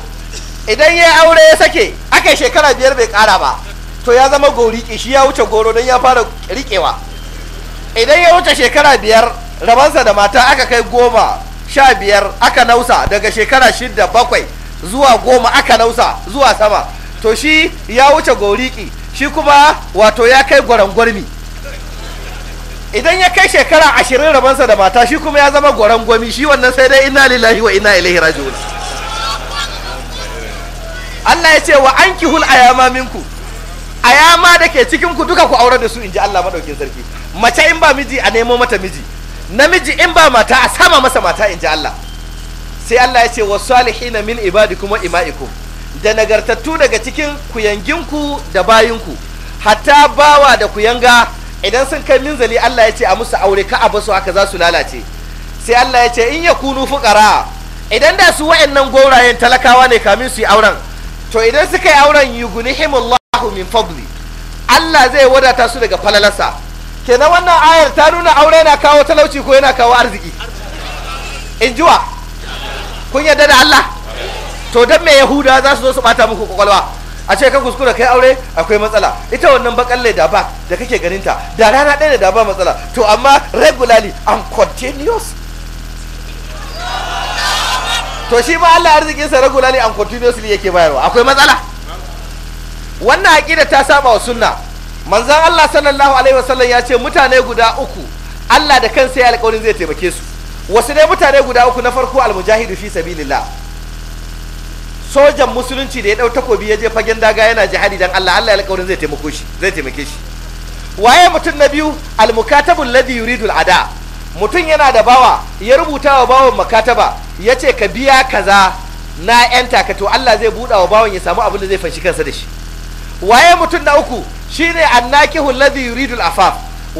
idan ya aure ya sake aka shekara biyar bai kara ba to ya zama gorike shi ya wuce goro don ya fara rikewa idan ya wuce shekara biyar rabansa da mata aka kai goma sha biyar aka nausa daga shekara shidda bakwai zuwa goma aka nausa zuwa sama to shi ya wuce goriki shi kuma wato ya kai gwarangwarmi idan ya kai shekara ashirin rabansa da mata shi kuma ya zama gwarangwami shi wannan sai dai ina lillahi wa ina ilaihi raji'un Allah ya ce wa ankihul ayama minku a ma da ke cikin ku duka ku aure da su in ji Allah madaukin sarki mace in ba miji a nemo mata miji namiji in ba mata a sama masa mata in ji Allah sai Allah ya ce wa salihina min ibadi kuma ima'ikum da nagartattu daga cikin kuyanginku da bayinku hatta bawa da ku yanga idan sun kai minzali Allah ya ce a musu aure ka basu haka za su lalace sai Allah ya ce in ya kunu fuqara idan da su wa'annan gorayen talakawa ne kamin su yi auren to idan suka yi auren yugunihimullah Allahu min fadli Allah zai wadata su daga falalarsa kenan wannan ayar ta nuna aure na kawo talauci ko yana kawo arziki in jiwa kun yarda da Allah to dan me yahuda za su zo su bata muku kwakwalwa a ce ka kuskura kai aure akwai matsala ita wannan bakalle da ba da kake ganinta da rana ɗaya da ba matsala to amma regularly and continuous to shi ma Allah arzikinsa regularly and continuously yake bayarwa akwai matsala wannan aƙida ta saba wa sunna manzon Allah sallallahu alaihi wasallam ya ce mutane guda uku Allah da kansa ya alƙawarin zai taimake su wasu dai mutane guda uku na farko almujahidu fi sabilillah sojan musulunci da ya dau takobi ya je fagen daga yana jihadi dan Allah Allah ya alƙawarin zai taimako shi zai taimake shi waye mutum na biyu almukatabul ladhi yuridu al'ada, mutum yana da bawa ya rubuta wa bawan makataba ya ce ka biya kaza na yan takato Allah zai buɗa wa bawan ya samu abin da zai fanshi kansa da shi waye mutum na uku shine annakihu alladhi yuridul afaf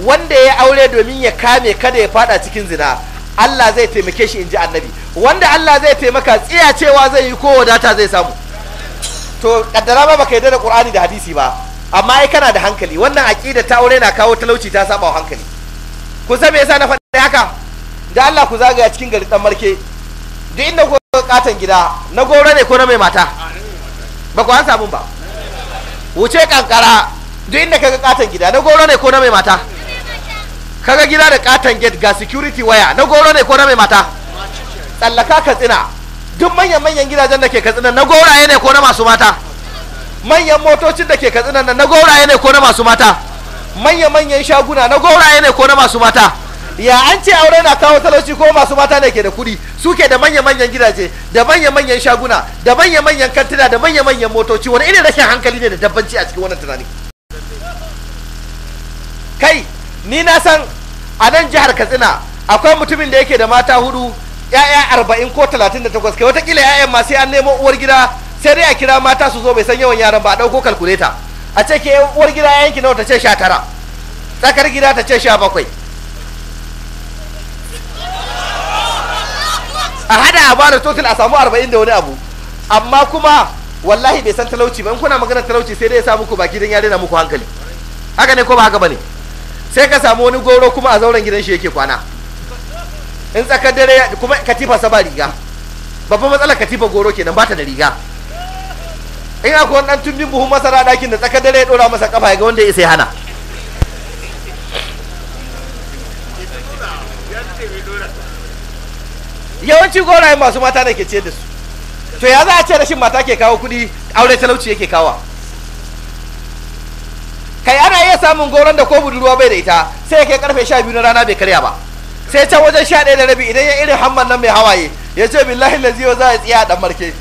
wanda ya aure domin ya kame kada ya fada cikin zina Allah zai taimake shi in ji annabi wanda Allah zai taimaka tsiya cewa zai yi ko wadata zai samu to kaddara ba baka yarda da Qur'ani da hadisi ba amma ai kana da hankali wannan aqida ta aure na kawo talauci ta saba hankali ku sabe yasa na faɗa haka da Allah ku zagaya cikin gari dan marke duk inda ku katan gida na gora ne ko na mai mata ba ku an samu ba wuce kankara duk inda kaga katon gida na goro ne ko na mai mata kaga gida da katon gate ga security waya na goro ne ko na mai mata tsallaka katsina duk manyan manyan gidajen da ke katsina na goraye ne ko na masu mata manyan motocin da ke katsina na goraye ne ko na masu mata manyan manyan shaguna na goraye ne ko na masu mata ya an ce aure na kawo talauci ko masu mata ne ke da kuɗi suke da manya-manyan gidaje da manya-manyan shaguna da manya-manyan kantina da manya-manyan motoci wani irin rashin hankali ne da dabbanci a cikin wannan tunani kai ni na san a nan jihar katsina akwai mutumin da yake da mata hudu ya'ya arba'in ko talatin da takwas kai watakila ya'yan ma sai an nemo uwar gida sai dai a kira mata su zo bai san yawan yaran ba a ɗauko kalkuleta a ce ke uwar gida yanki nawa ta ce sha tara tsakar gida ta ce sha bakwai a hada a bada total a samu arba'in da wani abu amma kuma wallahi bai san talauci ba in kuna magana talauci sai dai ya sa muku baki don ya daina muku hankali haka ne ko ba haka bane sai ka samu wani goro kuma a zauren gidan shi yake kwana in tsakar dare kuma katifa sa ba riga babban matsalar katifa goro kenan bata da riga in akwai wani dan tumbin buhun masara dakin da tsakar dare ya dora masa kafa ya ga wanda ya sai hana yawanci gorayen masu mata da ke ce da su to ya za a ce rashin mata ke kawo kuɗi aure talauci yake kawo kai ana iya samun goron da ko budurwa bai da ita sai ya kai karfe sha biyu na rana bai karya ba sai can wajen sha ɗaya da rabi idan ya irin hamman nan mai hawaye ya ce billahi laziyo za a tsiya dan marke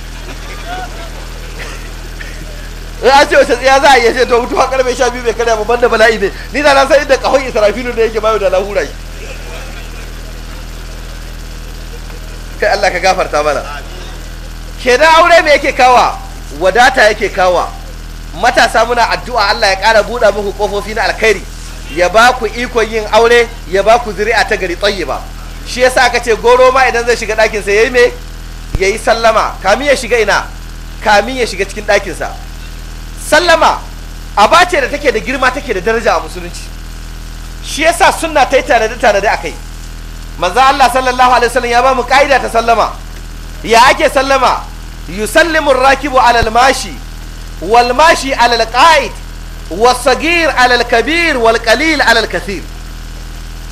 ya ce wace tsiya za a iya ce to mutuwa karfe sha biyu bai karya ba banda bala'i ne ni da na san inda kahon israfilu da yake bayo da lahura kai Allah ka gafarta mana kenan aure me yake kawa wadata yake kawa matasa muna addu'a Allah ya ƙara buɗa muku ƙofofi na alkhairi ya ba ku ikon yin aure ya ba ku zuri'a ta gari ba shi yasa aka ce goro ma idan zai shiga ɗakinsa ya yi me ya yi sallama kamin ya shiga ina kamin ya shiga cikin ɗakinsa sallama abace da take da girma take da daraja a musulunci shi yasa sunna ta yi da tare a kai manzo Allah sallallahu alaihi wasallam ya ba mu kaida ta sallama ya ake sallama yusallimu ar-rakibu ala al-mashi wal mashi ala al-qa'id was ala al-kabir wal qalil ala al-kathir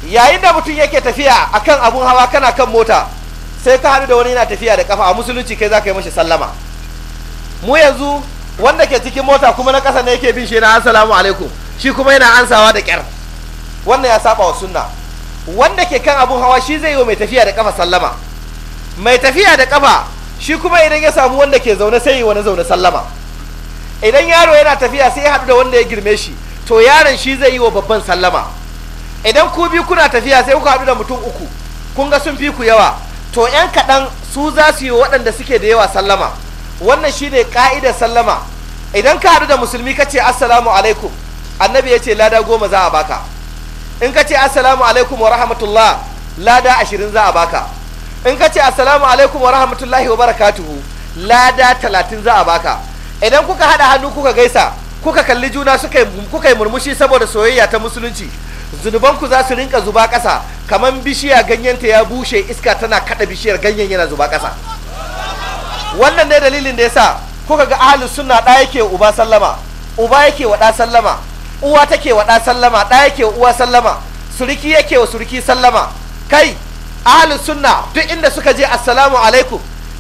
yayin da mutum yake tafiya akan abun hawa kana kan mota sai ka hadu da wani yana tafiya da kafa a musulunci kai za ka yi mashi sallama mu yanzu wanda ke cikin mota kuma na ƙasa ne yake bin shi na assalamu alaikum shi kuma yana ansawa da kyar. wannan ya saba wa sunna wanda ke kan abun hawa shi zai yi wa mai tafiya da kafa sallama mai tafiya da kafa shi kuma idan ya samu wanda ke zaune sai yi wani zaune sallama idan yaro yana tafiya sai ya haɗu da wanda ya girme shi to yaron shi zai yi wa babban sallama idan ku biyu kuna tafiya sai kuka haɗu da mutum uku kun ga sun fi ku yawa to yan kaɗan su za su yi waɗanda suke da yawa sallama wannan shi ne ƙa'idar sallama idan ka haɗu da musulmi ka ce assalamu alaikum annabi ya ce lada goma za a baka in ka ce assalamu alaikum wa rahmatullah lada ashirin za a baka in ka ce assalamu alaikum wa rahmatullahi wa barakatuhu lada talatin za a baka idan kuka haɗa hannu kuka gaisa kuka kalli juna kuka yi murmushi saboda soyayya ta musulunci zunubanku za su rinka zuba ƙasa kamar bishiya ta ya bushe iska tana kada bishiyar ganyen yana zuba ƙasa wannan ne dalilin da yasa kuka ga ahlus sunna ɗa yake uba sallama uba yake wa ɗa sallama uwa take wa ɗa sallama ɗa yake wa uwa sallama suriki yake wa suriki sallama kai ahlus sunna duk inda suka je assalamu alaikum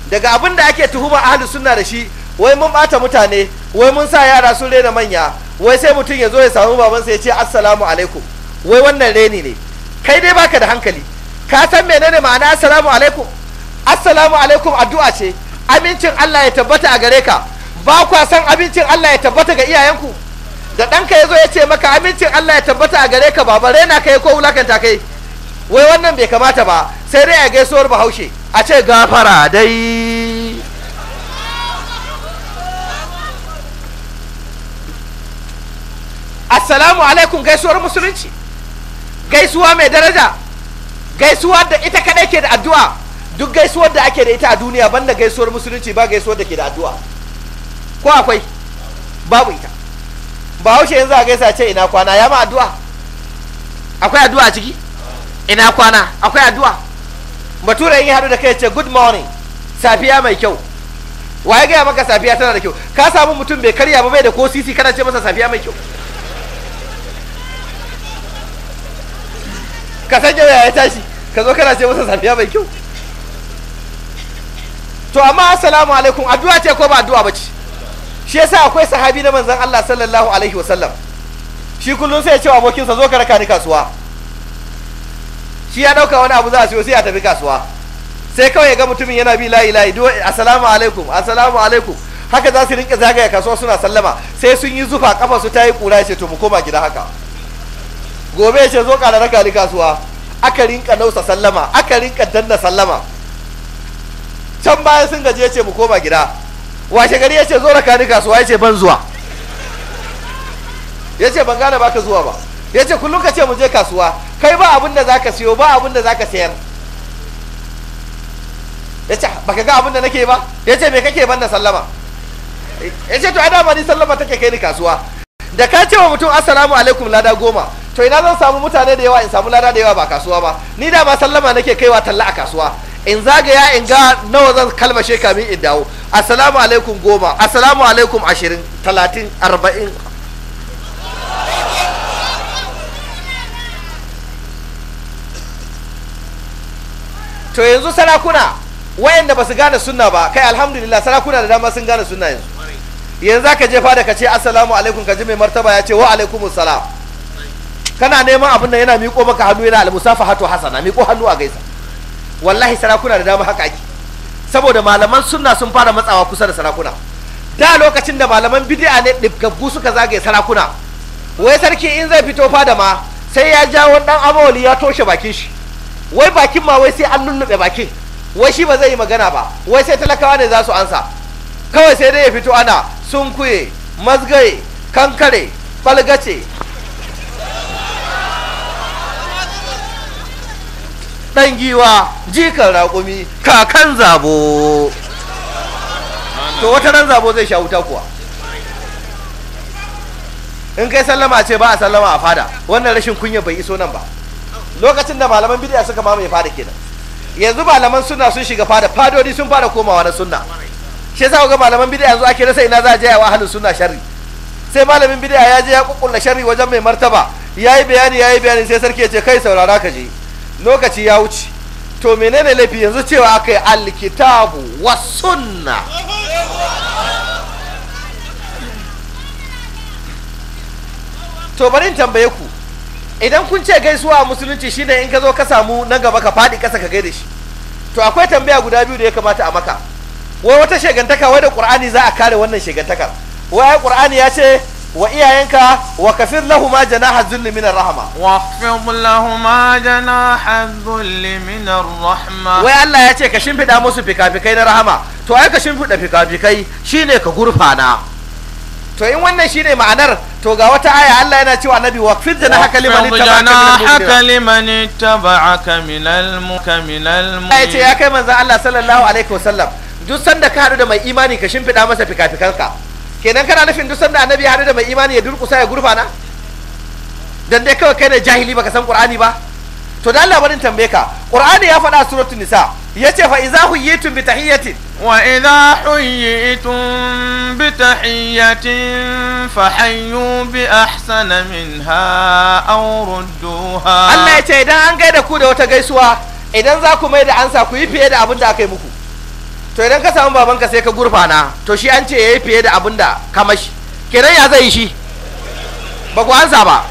daga abin da ake tuhuma ahlus sunna da shi wai mun bata mutane wai mun sa yara sun rena manya wai sai mutum ya zo ya samu babansa ya ce assalamu alaikum wai wannan reni ne kai dai baka da hankali ka san menene ma'ana assalamu alaikum assalamu alaikum addu'a ce amincin Allah ya tabbata a gare ka ba kwa san abincin Allah ya tabbata ga iyayenku da ɗanka ya zo ya ce maka amincin Allah ya tabbata a gare ka baba raina kai ko wulakanta kai wai wannan bai kamata ba sai dai a gaisuwar bahaushe a ce gafara dai assalamu alaikum gaisuwar musulunci gaisuwa mai daraja gaisuwa da ita kadai ke da addu'a duk gaisuwar da ake da ita a duniya banda gaisuwar musulunci ba gaisuwar da ke da addu'a ko akwai babu ita ba haushe yanzu a gaisa ce ina kwana ya ma addu'a akwai addu'a a ciki ina kwana akwai addu'a bature in haɗu da kai ce good morning safiya mai kyau wa ya gaya maka safiya tana da kyau ka samu mutum bai karya ba bai da ko sisi kana ce masa safiya mai kyau ka san yau ya tashi ka zo kana ce masa safiya mai kyau to amma assalamu alaikum addu'a ce ko ba addu'a ba ce shi yasa akwai sahabi na manzon Allah sallallahu alaihi wasallam shi kullum sai ya ce wa abokinsa zo ka raka ni kasuwa shi ya dauka wani abu za a siyo sai ya tafi kasuwa sai kawai ya ga mutumin yana bi layi layi do assalamu alaikum assalamu alaikum haka za su rinka zagaya kasuwa suna sallama sai sun yi zufa kafa su ta yi kura ya ce to mu koma gida haka gobe ya ce zo ƙara raka ni kasuwa aka rinka nausa sallama aka rinka danna sallama can bayan sun gaji ya ce mu koma gida washe gari ya ce zo raka ni kasuwa ya ce ban zuwa ya ce ban gane baka zuwa ba ya ce kullum ka ce mu je kasuwa kai ba abin da zaka siyo ba abin da zaka sayar ya ce baka ga abin da nake ba ya ce me kake ban da sallama ya ce to a dama ni sallama take kai ni kasuwa da ka ce wa mutum assalamu alaikum lada goma to ina zan samu mutane da yawa in samu lada da yawa ba kasuwa ba ni da ma sallama nake kaiwa talla a kasuwa in zagaya in ga nawa zan kalmashe kamin in dawo assalamu alaikum goma assalamu alaikum ashirin talatin arba'in to yanzu sarakuna da ba su gane suna ba kai alhamdulillah sarakuna da dama sun gane suna yanzu yanzu ka jefa da ka ce assalamu alaikum ka ji mai martaba ya ce wa alaikum salam kana neman abin da yana miƙo maka hannu yana almusafa hatu hasana miƙo hannu a gaisa wallahi sarakuna da dama haka ake saboda malaman sunna sun fara matsawa kusa da sarakuna da lokacin da malaman bid'a ne dibgaggu suka zagaye sarakuna wai sarki in zai fito fada ma sai ya jawo dan amawali ya toshe bakin shi wai bakin ma wai sai an lullube bakin wai shi ba zai yi magana ba wai sai talakawa ne za su ansa kawai sai dai ya fito ana sunkuye mazgaye kankare falgace ɗan giwa jikan raƙumi kakan zabo to wata ran zabo zai sha wuta kuwa in kai sallama ce ba a sallama a fada wannan rashin kunya bai iso nan ba lokacin da malaman bidiya suka mamaye fada kenan yanzu malaman suna sun shiga fada fadodi sun fara komawa na suna. shi yasa ga malaman bidiya yanzu ake rasa ina za a je suna ahlus sharri sai malamin bidiya ya je ya kukkulla sharri wajen mai martaba ya yi bayani yayi bayani sai sarki ya ce kai saurara ka je lokaci ya wuce to menene laifi yanzu cewa aka yi alkitabu wa sunna to bari in tambaye ku idan kun ce gaisuwa a musulunci shine in ka zo ka samu na gaba ka faɗi ƙasa ka gaida shi to akwai tambaya guda biyu da ya kamata a maka wai wata shegantaka wai da ƙur'ani za a kare wannan shegantakar wai ƙur'ani ya ce wa iyayenka wa kafir lahuma janaha dhulli min rahma wa khfid lahuma janaha dhulli min rahma wai Allah ya ce ka shimfida musu fikafikai na rahama to ai ka shimfida fikafikai shine ka gurfana to in wannan shine ma'anar to ga wata aya Allah yana cewa annabi da na haka limani na haka liman ittaba'aka liman ittaba'aka minal mukamilal ya ce ya kai manzan Allah sallallahu alaihi wasallam duk sanda ka haɗu da mai imani ka shimfida masa fikafikanka kenan kana nufin duk sanda annabi ya hadu da mai imani ya durkusa ya gurfana dan dai kawai kai ne jahili baka san qur'ani ba to da Allah barin tambaye ka qur'ani ya faɗa suratul nisa yace fa idza huyitum bi tahiyatin wa idza huyitum bi tahiyatin fa hayyu bi ahsana minha aw rudduha Allah yace idan an gaida ku da wata gaisuwa idan za ku mai da ansa ku yi fiye da abin da aka yi muku to idan ka samu babanka sai ka gurfana to shi an ce ya yi fiye da abin da ka kenan ya zai shi ba ku ansa ba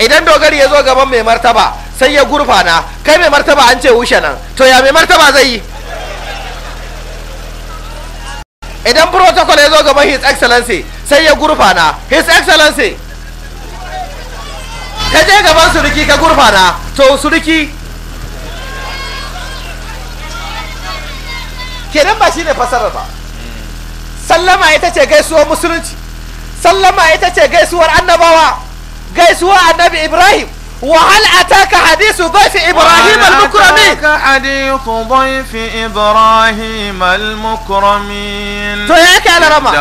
idan dogari ya zo gaban mai martaba sai ya gurfana kai mai martaba an ce wushe nan to ya mai martaba zai yi idan protocol ya zo gaban his excellency sai ya gurfana his excellency ka je gaban suriki ka gurfana to suriki kenan ba shine fasarar ba sallama ita ce gaisuwar musulunci sallama ita ce gaisuwar annabawa gaisuwar annabi ibrahim وهل أتاك حديث ضيف إبراهيم المكرمين أتاك حديث ضيف إبراهيم المكرمين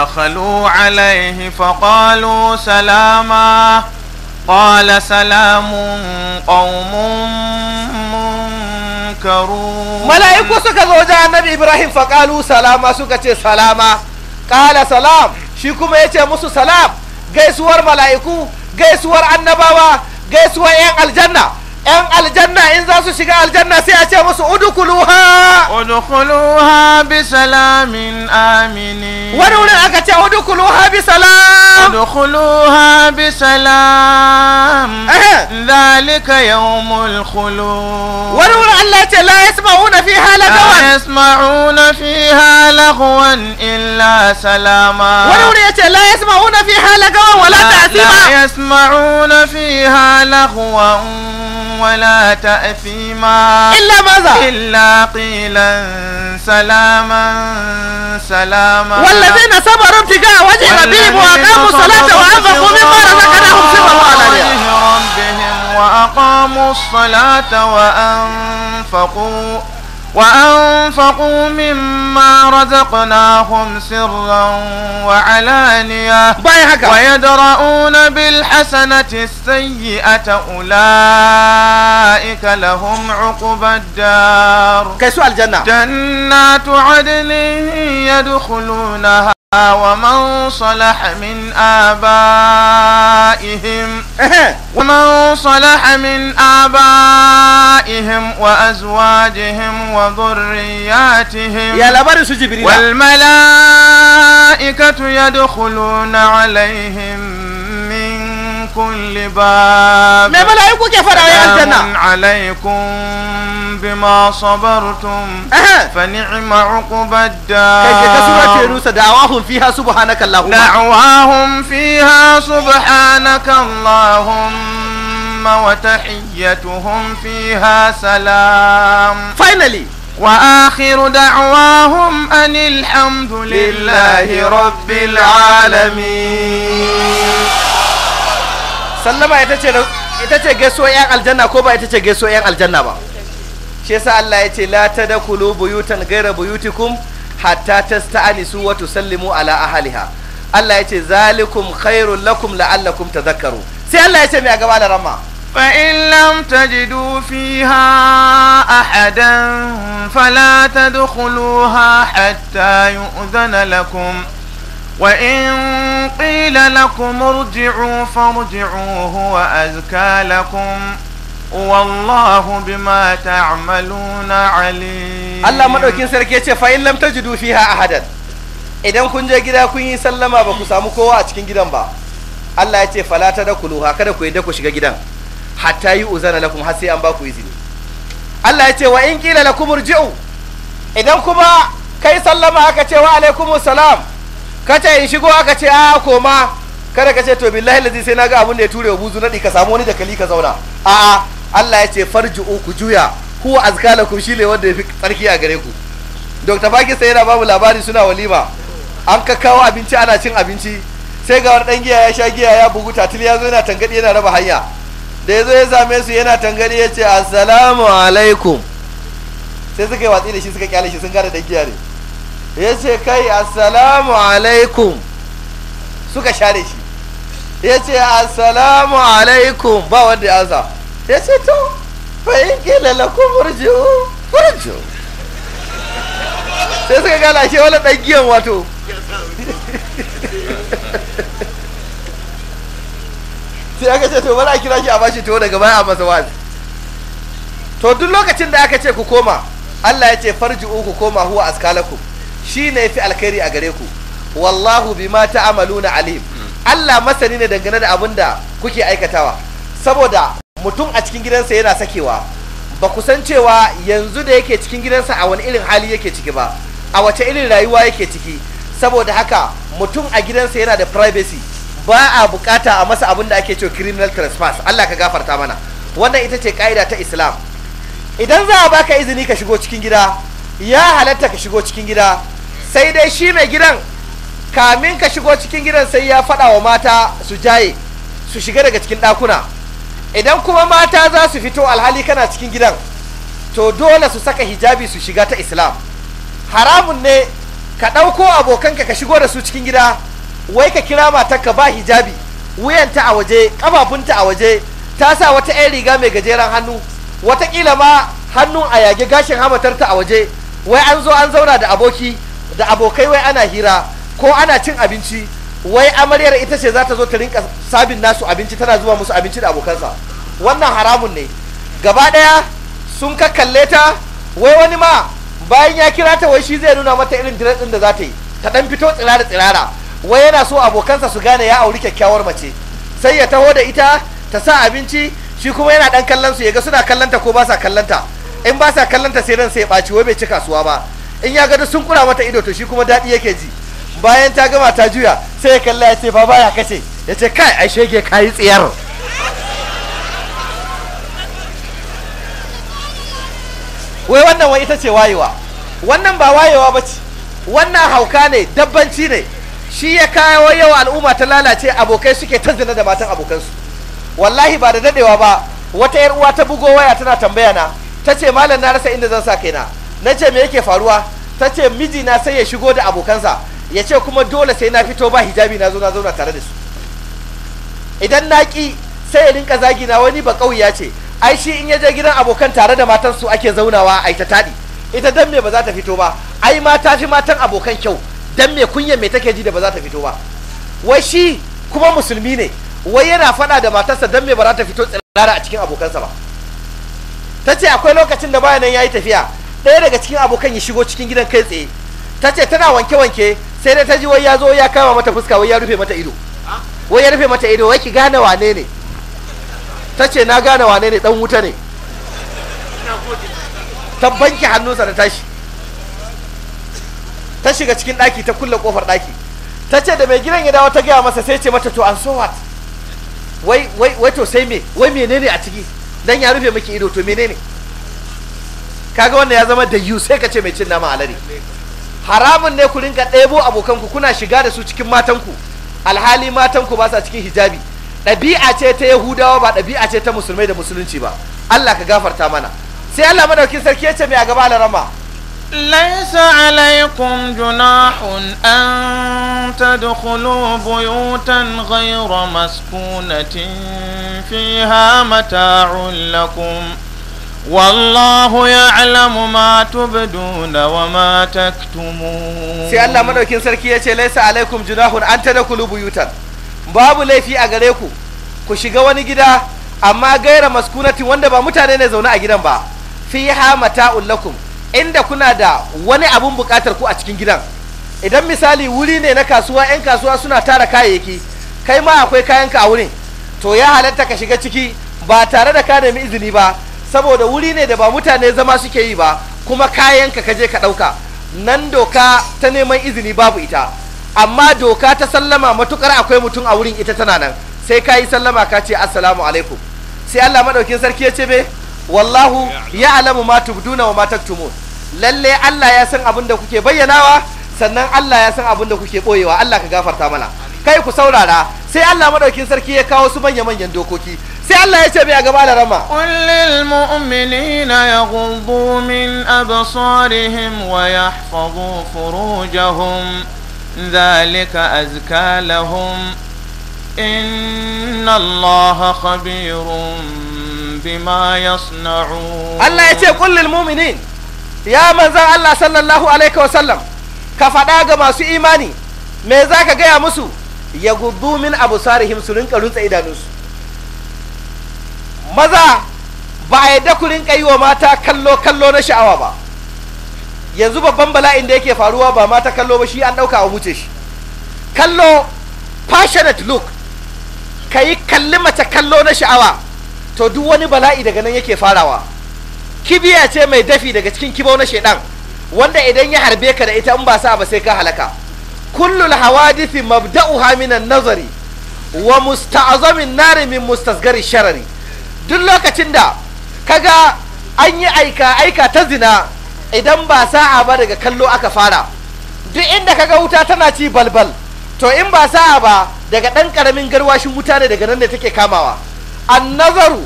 دخلوا عليه فقالوا سلاما قال سلام قوم tadhakkarun mala'iku suka zo wajen annabi ibrahim faƙalu salama suka ce salama ƙala salam shi kuma ya ce musu salam gaisuwar mala'iku gaisuwar annabawa gaisuwar 'yan aljanna 'yan aljanna in za su shiga aljanna sai a ce musu udukuluha udukuluha bi salamin amini wani wurin aka ce udukuluha bi salam udukuluha bi salam zalika yawmul khulud wani wurin Allah ce la yasma'una fiha lagawan la yasma'una fiha lagwan illa salama wani wurin ya ce la yasma'una fiha lagawan wala ta'sima la yasma'una fiha lagwan ولا تأثيما إلا ماذا إلا قيلا سلاما سلاما والذين صبروا ابتغاء وجه ربهم وأقاموا الصلاة وأنفقوا مما رزقناهم سرا وعلانية ربهم وأقاموا الصلاة وأنفقوا وأنفقوا مما رزقناهم سرا وعلانية ويدرؤون بالحسنة السيئة أولئك لهم عقبى الدار كسؤال جنة جنات عدن يدخلونها ومن صلح من آبائهم ومن صلح من آبائهم وأزواجهم وذرياتهم يا لبارس جبريل والملائكة يدخلون عليهم min kulli bab me mala'iku ke fada wa aljanna alaikum bima sabartum fa ni'ma uqbad dar kai ta sura rusa da'awahum fiha subhanaka allahumma da'awahum fiha finally دعواهم أن الحمد لله رب العالمين sallama ita ce ita ce gaisuwar yan aljanna ko ba ita ce gaisuwar yan aljanna ba shi yasa Allah ya ce la tadkhulu buyutan ghayra buyutikum hatta tasta'nisu wa tusallimu ala ahliha Allah ya ce zalikum khairul lakum la'allakum tadhakkaru sai Allah ya ce mai gaba da rama فإن لم تجدوا فيها أحدا فلا تدخلوها حتى يؤذن lakum. وإن قيل لكم ارجعوا فارجعوا هو أزكى لكم والله بما تعملون عليم الله مدوكين سركي فإن لم تجدوا فيها أحدا idan kun je gida kun yi sallama ba ku samu kowa a cikin gidan ba Allah ya ce fala ta dakuluha kada ku yadda ku shiga gidan hatta yi uzana lakum har sai an ba ku izini Allah ya ce wa in qila lakum irji'u idan kuma kai sallama aka ce wa alaikumus salam ka in shigo aka ce a ah, koma kada ka ce to billahi lazi sai naga abin da ya ture buzu nadi ka samu wani dakali ka zauna a Allah ya ce farji'u ku juya ku azka lakum ne wanda fi tsarki a gare ku Dr. Fakista yana babu labari suna walima an ka kawo abinci ana cin abinci sai ga wani dan giya ya sha giya ya bugu tatil ya zo yana tangadi yana raba hanya da ya zo ya same su yana tangadi ya ce assalamu alaikum sai suka yi watsi da shi suka kyale shi sun gane dan giya ne ya ce kai assalamu alaikum suka share shi ya ce assalamu alaikum ba wanda ya za ya ce to bayan kila ku furji'u furji'u sai suka gala shi wani giyan wato sai aka ce to wani a kira shi a bashi to daga baya a masa wani to duk lokacin da aka ce ku koma Allah ya ce farji'u ku koma huwa askalakum shi ne fi alkhairi a gare ku wallahu bi ma bima na alim Allah masani ne dangane da abin da kuke aikatawa saboda mutum a cikin gidansa yana sakewa ba ku san cewa yanzu da yake cikin gidansa a wani irin hali yake ciki ba a wace irin rayuwa yake ciki saboda haka mutum a gidansa yana da privacy ba a bukata a masa abin da ake cewa criminal trespass Allah ka gafarta mana wannan ita ce ka'ida ta Islam idan za a baka izini ka shigo cikin gida ya halatta ka shigo cikin gida sai dai shi mai gidan kamin ka shigo cikin gidan sai ya faɗa wa mata su jaye su shiga daga cikin ɗakuna idan kuma mata za su fito alhali kana cikin gidan to dole su saka hijabi su shiga ta islam haramun ne ka ɗauko abokanka ka shigo da su cikin gida wai ka kira ka ba hijabi wuyanta a waje ƙafafunta a waje ta sa wata 'yan riga mai gajeren hannu watakila ma hannun a yage gashin hamatarta a waje wai an zo an zauna da aboki da abokai wai ana hira ko ana cin abinci wai amaryar ita ce za ta zo ta rinka sabin nasu abinci tana zuwa musu abinci da abokansa wannan haramun ne gaba ɗaya sun ka kalle ta wai wani ma bayan ya kira ta wai shi zai nuna mata irin dress da za ta yi ta ɗan fito tsirara tsirara wai yana so abokansa su gane ya auri kyakkyawar mace sai ya taho da ita ta sa abinci shi kuma yana ɗan kallon su ya ga suna kallon ta ko ba sa kallon in ba sa kallon ta sai ran sai ya ɓaci wai bai ci kasuwa ba in ya gado sun kura mata ido to shi kuma daɗi yake ji bayan ta gama ta juya sai ya kalla ya ce ba baya kace ya ce kai a shege yi tsiyar wai wannan wai ita ce wayewa wannan ba wayewa ba ce wannan hauka ne dabbanci ne shi ya kawo yau al'umma ta lalace abokai suke ta da matan abokansu wallahi ba da dadewa ba wata yar uwa ta bugo waya tana tambaya na ta ce malam na rasa inda zan sa na. na ce me yake faruwa ta ce mijina sai ya shigo da abokansa ya ce kuma dole sai na fito ba hijabi na zo na zauna tare da su idan na ƙi sai ya rinka zagi na wani ba ya ce ai shi in ya je gidan abokan tare da matan su ake zaunawa ai ta taɗi ita dan me ba za ta fito ba ai ma ta fi matan abokan kyau dan me kunya me take ji da ba za ta fito ba wai shi kuma musulmi ne wai yana faɗa da matarsa dan me ba za ta fito tsirara a cikin abokansa ba ta ce akwai lokacin da bayanan ya yi tafiya ɗaya daga cikin abokan ya shigo cikin gidan kai tsaye ta ce tana wanke-wanke sai dai ta ji wai ya zo ya kama mata fuska wai ya rufe mata ido wai ya rufe mata ido wai ki gane wane ne ta ce na gane wane ne dan wuta ne ta banki hannunsa da tashi ta shiga cikin ɗaki ta kulle kofar ɗaki ta ce da mai gidan ya dawo ta gaya masa sai ce mata to an so what wai wai wai to sai me wai menene a ciki dan ya rufe miki ido to menene ne kaga wannan ya zama da yu sai ka ce mai cin nama alade haramun ne ku rinka ɗebo abokanku kuna shiga da su cikin matanku alhali matanku ba sa cikin hijabi ɗabi'a ce ta yahudawa ba ɗabi'a ce ta musulmai da musulunci ba allah ka gafarta mana sai allah madaukin sarki ya ce mai a gaba alarama ليس عليكم جناح أن تدخلوا بيوتا غير مسكونة فيها متاع لكم wallahu ya alamu ma tubduna wa ma taktumun sai Allah madaukin sarki ya ce laisa alaikum junahun an tadkhulu buyutan babu laifi a gare ku ku shiga wani gida amma gaira maskunati wanda ba mutane ne zaune a gidan ba fiha mata'un lakum inda kuna da wani abun bukatar ku a cikin gidan idan misali wuri ne na kasuwa yan kasuwa suna tara kayayyaki kai ma akwai kayanka a wurin to ya halatta ka shiga ciki ba tare da ka nemi izini ba saboda wuri ne da ba mutane zama suke yi ba kuma kayanka ka je ka ɗauka nan doka ta neman izini babu ita amma doka ta sallama matukar akwai mutum a wurin ita tana nan sai ka yi sallama ka ce assalamu alaikum sai Allah madaukin sarki ya ce me wallahu ya alamu ma tubduna wa ma tumo lalle Allah ya san abin da kuke bayyanawa sannan Allah ya san abin da kuke ɓoyewa. Allah ka gafarta mana kai ku saurara sai Allah maɗaukin sarki ya kawo su manya manyan dokoki sai Allah ya ce mai a gaba da rama kullil mu'minina yaghuddu min absarihim wa yahfazu furujahum zalika azka lahum inna Allah khabirun bima yasna'un Allah ya ce kullil mu'minin ya manzan Allah sallallahu alaihi wa ka faɗa ga masu imani me ka gaya musu ya gudu min abusarihim su rinka runtsa idanunsu maza ba a yadda ku kai yi wa mata kallo kallo na sha'awa ba yanzu babban bala'in da yake faruwa ba mata kallo ba shi an ɗauka a wuce shi kallo passionate look ka yi kalli mace kallo na sha'awa to duk wani bala'i daga nan yake farawa kibiya ce mai dafi daga cikin kibau na shaidan wanda idan ya harbe ka da ita in ba sa ba sai ka halaka kullul hawadithi mabda'uha minan nazari wa musta'azamin nari min mustasgari sharari duk lokacin da kaga an yi aika aika ta zina idan ba sa'a ba daga kallo aka fara duk inda kaga wuta tana ci balbal to in ba sa'a ba daga ɗan ƙaramin garwashin wuta ne daga nan ne take kamawa an nazaru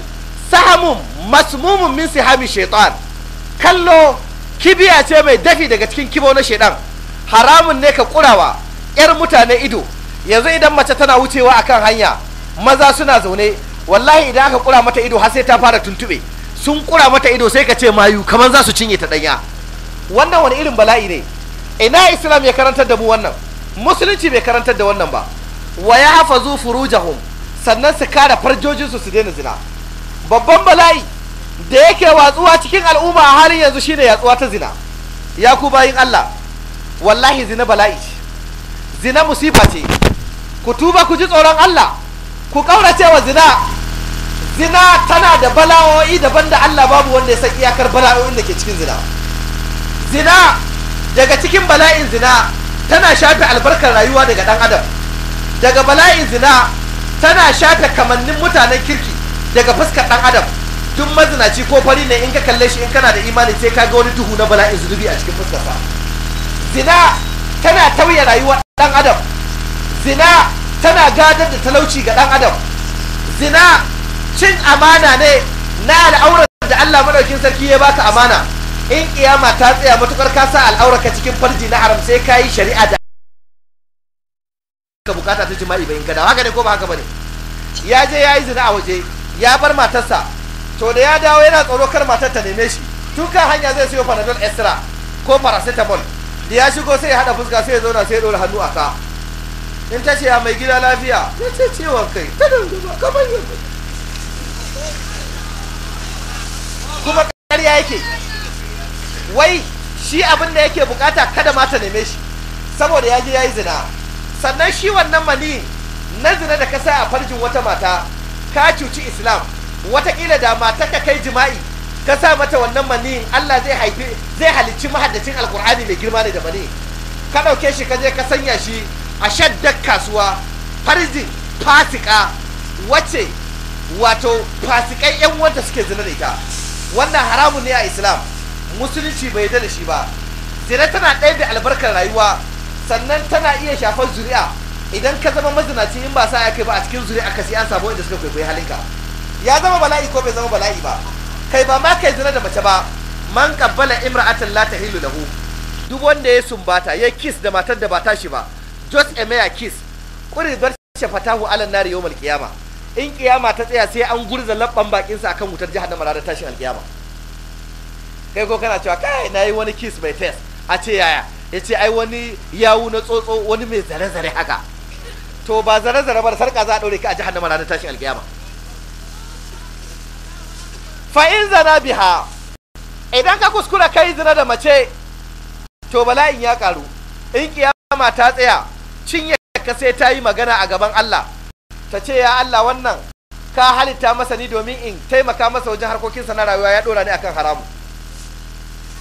sahamun masmumun min sihami shaitan kallo kibiya ce mai dafi daga cikin kibo na shaidan haramun ne ka kurawa yar mutane ido yanzu idan mace tana wucewa akan hanya maza suna zaune wallahi idan aka kura mata ido har sai ta fara tuntube sun kura mata ido sai ka ce mayu kamar za su cinye ta danya wannan wani irin bala'i ne ina islam ya karantar da mu wannan musulunci bai karantar da wannan ba wa ya hafazu furujahum sannan su kara farjojinsu su daina zina babban bala'i da yake watsuwa cikin al'umma a halin yanzu shine yatsuwa ta zina ya ku bayin Allah wallahi zina bala'i zina musiba ce ku tuba ku ji tsoron Allah ku kaurace wa zina zina tana da bala'o'i daban da Allah babu wanda ya san iyakar bala'o'in da ke cikin zina zina daga cikin bala'in zina tana shafe albarkar rayuwa daga dan adam daga bala'in zina tana shafe kamannin mutanen kirki daga fuskar dan adam duk mazinaci ko fari ne in ka kalle shi in kana da imani sai ka ga wani duhu na bala'in zunubi a cikin fuskar sa zina tana tauye rayuwar dan adam zina tana gadar da talauci ga ɗan adam zina cin amana ne na al'aurar da Allah madaukin sarki ya baka amana in kiyama ta tsaya matukar ka sa ka cikin farji na haram sai ka shari'a da ka bukata ta jima'i bayin ka da haka ne ko ba haka bane ya je ya yi zina a waje ya bar matarsa to da ya dawo yana tsoro kar matar ta neme shi tun kan hanya zai siyo panadol extra ko paracetamol da ya shigo sai ya hada fuska sai ya zauna sai ya dora hannu a ka in ta ce ya mai gida lafiya ya ce cewa kai ta dangaba kamar yadda kuma ƙarya yake wai shi abin da yake bukata kada ma ta neme shi saboda ya je ya yi zina sannan shi wannan mani na zina da ka sa a farjin wata mata ka cuci islam watakila da mata ka kai jima'i ka sa mata wannan mani allah zai haifi zai halicci mahaddacin alkur'ani mai girma ne da mani ka ɗauke shi ka je ka sanya shi a shaddar kasuwa farzin fasika wace wato fasikai yan wanda suke zina da ita wannan haramun ne a islam musulunci bai da shi ba zina tana ɗaya da albarkar rayuwa sannan tana iya shafar zuri'a idan ka zama mazinaci in ba sa ya kai ba a cikin zuri'a ka sai an samu wanda suka kwaikwayi halinka ya zama bala'i ko bai zama bala'i ba kai ba ma kai zina da mace ba man kabbala imra'atan la tahilu lahu duk wanda ya sumbata ya kiss da matar da ba tashi ba just a mere kiss ƙurigar shafatahu alan nari yawmal qiyama in kiyama ta tsaya sai an gurza labban bakin sa akan wutar jahannama ranar tashin alkiyama kai ko kana cewa kai nayi wani kiss mai test a ce yaya yace ai wani yawu na tsotso wani mai zare zare haka to ba zare zare ba da sarka za a ɗaure ka a jahannama ranar tashin alkiyama fa in zana biha idan ka kuskura kai zina da mace to bala'in ya karu in kiyama ta tsaya cin ka sai ta yi magana a gaban Allah ta ce ya Allah wannan ka halitta masa ni domin in taimaka masa wajen harkokinsa na rayuwa ya ɗora ni akan haramu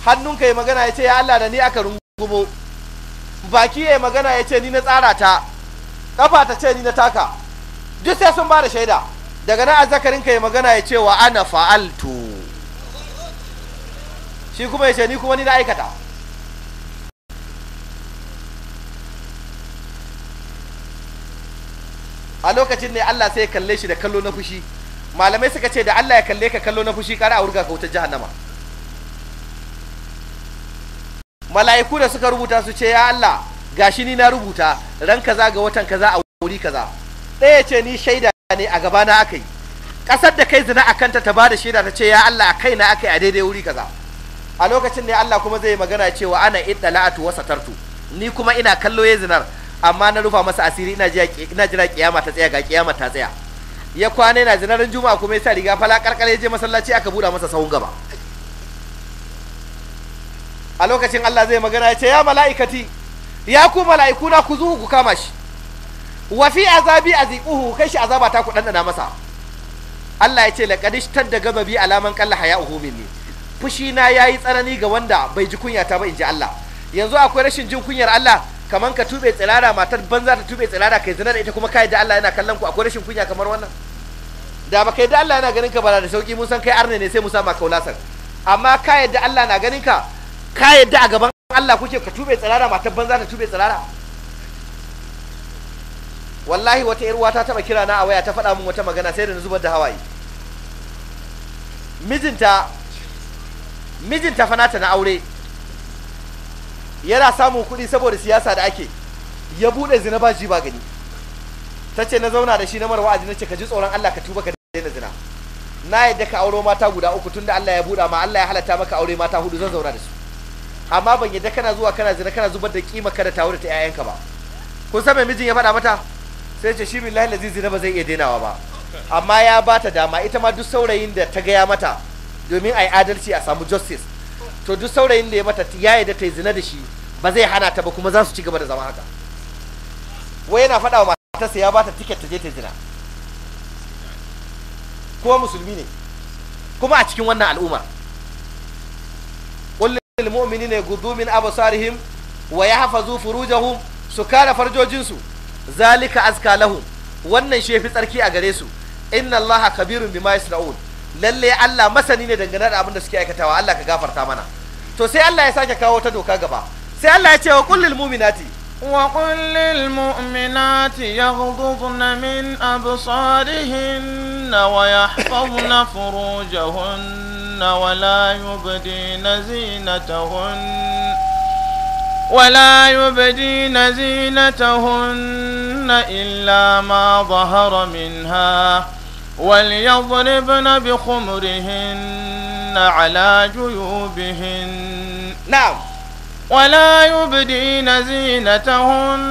hannunka ya magana ya ce ya Allah da ni aka rungumo baki ya magana ya ce ni na tsara ta kafa ta ce ni na taka duk sai sun bada shaida daga nan azzakarin ka ya magana ya ce wa ana fa'altu shi kuma ya ce ni kuma ni na aikata a lokacin ne Allah sai ya kalle shi da kallo na fushi malamai suka ce da Allah ya kalle ka kallo na fushi kar a wurga ka wutar jahannama mala'iku da suka rubuta su ce ya Allah gashi ni na rubuta ran kaza ga watan kaza a wuri kaza ya ce ni shaida ne a gabana aka yi ƙasar da kai zina a kanta ta da shaida ta ce ya Allah a kaina aka a daidai wuri kaza a lokacin ne Allah kuma zai yi magana cewa ana idda la'atu ni kuma ina kallo ya zinar amma na rufa masa asiri ina jira kiyama ta tsaya ga kiyama ta tsaya ya kwana yana zinarin juma'a kuma ya sa riga fala karkare je masallaci aka buɗa masa sahun gaba a lokacin Allah zai magana ya ce ya mala'ikati ya ku mala'iku na ku zuhu ku kama shi wa fi azabi aziquhu kai shi azaba ta ku dandana masa Allah ya ce laqadishtar da gababi alaman qalla uhu minni fushi na yayi tsanani ga wanda bai ji kunya ta ba ji Allah yanzu akwai rashin jin kunyar Allah kaman ka tube tsirara matar banza ta tube tsirara kai zina da ita kuma kai da Allah yana kallon ku akwai rashin kunya kamar wannan da ba kai da Allah yana ganin ka bara da sauki mun san kai arne ne sai mu sa maka kaulasar amma kai da Allah na ganin ka kai da a gaban Allah kuke ka tube tsirara matar banza ta tube tsirara wallahi wata yar uwa ta taba kira na a waya ta faɗa min wata magana sai da na zubar da hawaye mijinta mijinta fa nata na aure yana samun kuɗi saboda siyasa da ake ya buɗe zina ba ji ba gani ta ce na zauna da shi na mara wa'azi na ce ka ji tsoron Allah ka tuba ka daina zina na yadda ka auro mata guda uku tunda Allah ya buɗa ma Allah ya halatta maka aure mata hudu zan zauna da su amma ban yadda kana zuwa kana zina kana zubar da kima ka da tawo da ta 'ya'yanka ba kun san me mijin ya faɗa mata sai ce shi billahi lazi zina ba zai iya dainawa ba amma ya bata dama ita ma duk saurayin da ta gaya mata domin ai adalci a samu justice to duk saurayin da ya mata ya yarda ta zina da shi ba zai hana ta ba kuma za su ci gaba da zama haka wai yana faɗa wa matarsa ya ba ta tiket ta je ta zina kuma musulmi ne kuma a cikin wannan al'umma qul mumini ne gudumin min absarihim wa yahfazu furujahum su kare farjojinsu zalika azka lahu wannan shefi tsarki a gare su inna allaha kabirun bima yasna'un lalle Allah masani ne dangane da abin da suke aikatawa Allah ka gafarta mana to sai Allah ya sake kawo ta doka gaba sai Allah ya ce wa kullil mu'minati wa kullil mu'minati yaghdudna min absarihin wa yahfazna furujahun wa la yubdina zinatahun ولا يبدين زينتهن إلا ما ظهر منها وليضربن بخمرهن على جيوبهن نعم ولا يبدين زينتهن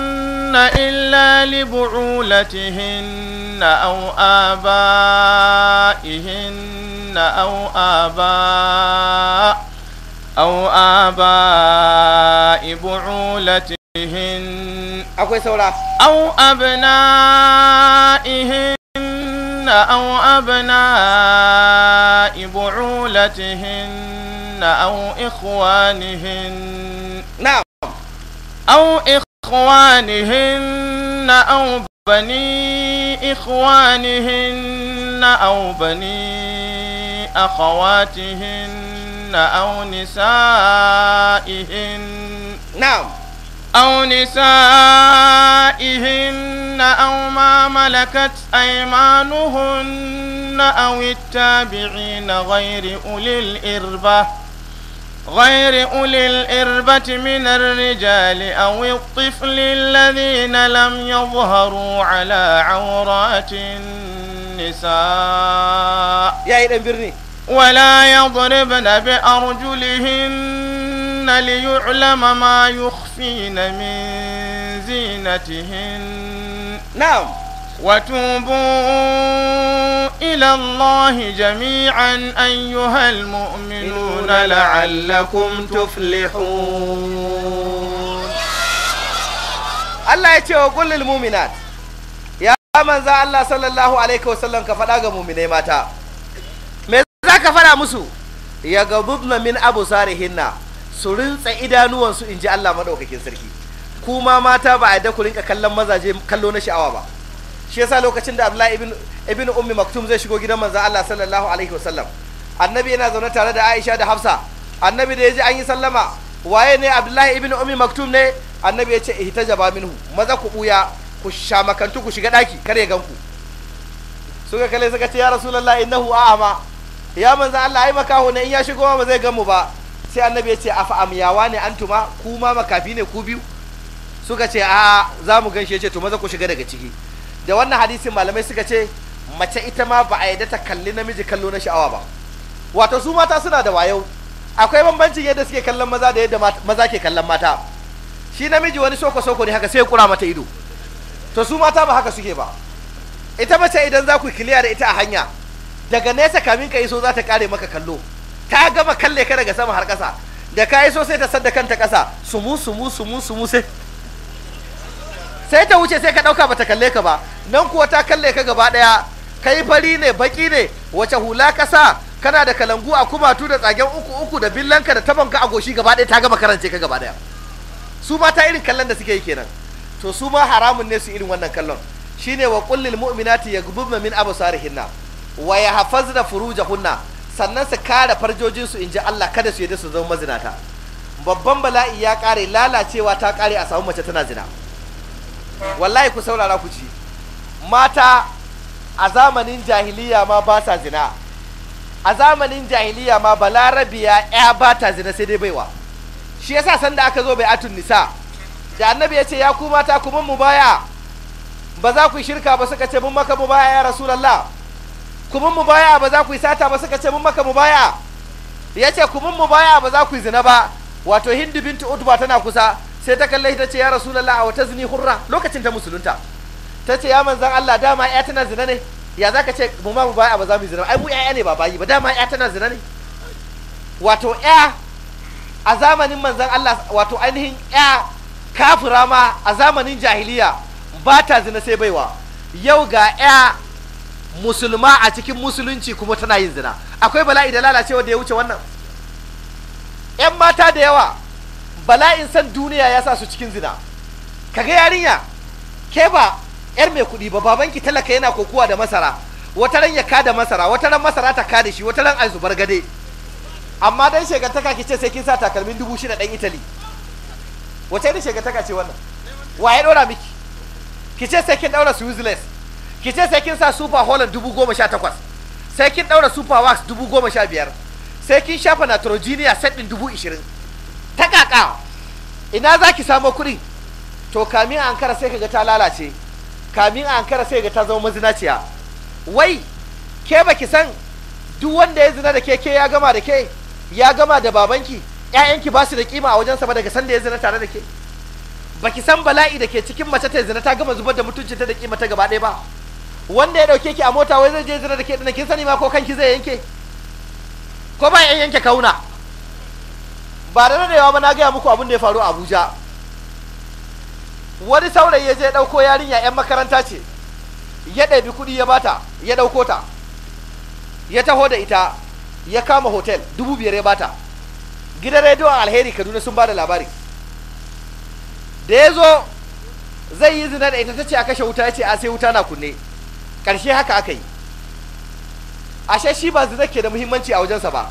إلا لبعولتهن أو آبائهن أو آباء أو آباء بعولتهن أو أبنائهن أو أبناء بعولتهن أو إخوانهن نعم أو إخوانهن أو بني إخوانهن أو بني أخواتهن أو نسائهن نعم أو نسائهن أو ما ملكت أيمانهن أو التابعين غير أولي الإربة غير أولي الإربة من الرجال أو الطفل الذين لم يظهروا على عورات النساء يا إيه ولا يضربن بأرجلهن ليعلم ما يخفين من زينتهن نعم وتوبوا إلى الله جميعا أيها المؤمنون لعلكم تفلحون الله يتيو كل المؤمنات يا من ذا الله صلى الله عليه وسلم كفلاغ مؤمنين ماتا za ka fara musu ya bubna min abu hinna su rintsa idanuwansu in ji Allah maɗaukakin sarki kuma mata ba a da ku rinka kallon mazaje kallo na sha'awa ba shi yasa lokacin da Abdullahi ibn ibn Ummi Maktum zai shigo gidan manzo Allah sallallahu alaihi wasallam annabi yana zaune tare da Aisha da Hafsa annabi da yaji an yi sallama waye ne Abdullahi ibn Ummi Maktum ne annabi ya ce ihtajaba minhu maza ku buya ku shamakantu ku shiga daki kare ganku suka kale suka ce ya rasulullahi innahu a'ama ya manzan Allah ai makaho ne in ya shigo ba zai gamu ba sai annabi ya ce afa amyawa ne antuma ku ma makafi ne ku biyu suka ce a za mu ganshi ya ce to maza ku shiga daga ciki da wannan hadisin malamai suka ce mace ita ma ba a yadda ta kalli namiji kallo na sha'awa ba wato su mata suna da wayo akwai bambancin yadda suke kallon maza da yadda maza ke kallon mata shi namiji wani soko soko ne haka sai kura mata ido to su mata ba haka suke ba ita mace idan za ku kiliya da ita a hanya daga nesa kamin ka iso za ta kare maka kallo ta gama kalle ka daga sama har ƙasa da ka iso sai ta sadda kanta ƙasa sumu sumu sumu sumu sai sai ta wuce sai ka ɗauka bata kalle ka ba nan kuwa ta kalle ka gaba ɗaya kai fari ne baƙi ne wace hula ƙasa kana da kalangu a kumatu da tsagen uku uku da billanka da tabanka a goshi gaba ɗaya ta gama karance ka gaba ɗaya su ma ta irin kallon da suke yi kenan to su ma haramun ne su irin wannan kallon shine wa kullil mu'minati yaghbubna min absarihinna wa ya da furuja kunna? sannan su kare farjojinsu in ji Allah kada su yi su zama mazinata babban bala'i ya kare lalacewa ta kare a samu mace tana zina wallahi ku saurara ku ci mata a zamanin jahiliya ma ba sa zina a zamanin jahiliya ma balarabiya ya ba ta zina sai dai baiwa shi yasa sanda aka zo bai atun nisa da annabi ya ce ya ku mata kuma mu baya ba za ku shirka ba suka ce mun maka mu baya ya rasulullah ku mun mubaya ba za ku yi sata ba suka ce mun maka mubaya ya ce ku mun mubaya ba za ku yi zina ba wato hindu bintu utba tana kusa sai ta kalle ta ce ya rasulullah a wata zini hurra lokacin ta musulunta ta ce ya manzan Allah dama ya tana zina ne ya za ka ce mu ma mubaya ba za mu yi zina ba ai mu ƴaƴa ne ba bayi ba dama ya tana zina ne wato ƴa a zamanin manzan Allah wato ainihin ƴa kafura ma a zamanin jahiliya ba ta zina sai baiwa yau ga ƴa musulma a cikin musulunci kuma tana yin zina akwai bala'i da lalacewa da ya wuce wannan yan mata da yawa bala'in san duniya ya sa su cikin zina kaga yarinya ke ba yar mai kuɗi ba babanki talaka yana kokowa da masara wata ran ya kada masara wata ran masara ta kada shi wata ran ai zubar gade amma dan shegantaka ki ce sai kin sa takalmin dubu shida dan Italy wace ne shegantaka ce wannan wa ya dora miki ki ce sai kin daura su useless ki ce sai kin sa super holland dubu goma sha takwas sai kin ɗaura super wax dubu goma sha biyar sai kin shafa nitrogenia set ɗin dubu ishirin ta kaka ina za ki samo kuɗi to kamin a ankara sai kaga ta lalace kamin a ankara sai kaga ta zama mazinaciya wai ke baki san duk wanda ya zina da ke ke ya gama da ke ya gama da babanki ƴaƴanki ba su da kima a wajen sa ba daga sanda ya zina tare da ke baki san bala'i da ke cikin mace ta zina ta gama zubar da mutuncinta da kima ta gaba ɗaya ba wanda ya dauke ki a mota wai zai je zira da ke dana kin sani ma ko kanki zai yanke ko ba yan yanke kauna ba da rarewa ba na gaya muku abin da ya faru a Abuja wani saurayi ya je dauko yarinya yan makaranta ce ya ɗabi kuɗi ya bata ya ɗauko ta ya taho da ita ya kama hotel dubu biyar ya bata gidan rediyon alheri kaduna sun ba da labari da ya zo zai yi zina da ita ta ce a kashe wuta ya ce a sai wuta na kunne ƙarshe haka aka yi ashe shi ba zai ke da muhimmanci a wajensa ba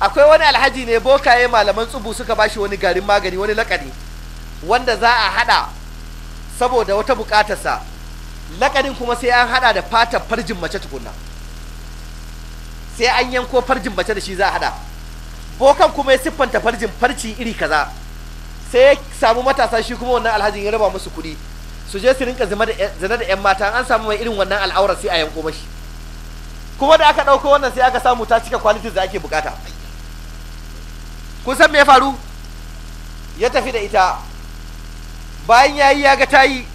akwai wani alhaji ne bokaye malaman tsubu suka ba shi wani garin magani wani lakani wanda za a hada saboda wata bukatarsa lakanin kuma sai an hada da fatar farjin mace tukunna sai an yanko farjin mace da shi za a hada bokan kuma ya siffanta farjin farci iri kaza sai ya samu matasa shi kuma wannan alhaji ya raba musu kuɗi su je su rinka zina da 'yan mata an samu mai irin wannan al'aura sai a yanko mashi kuma da aka ɗauko wannan sai aka samu ta cika kwalitin da ake bukata kun san me ya faru ya tafi da ita bayan ya yi ya ga ta yi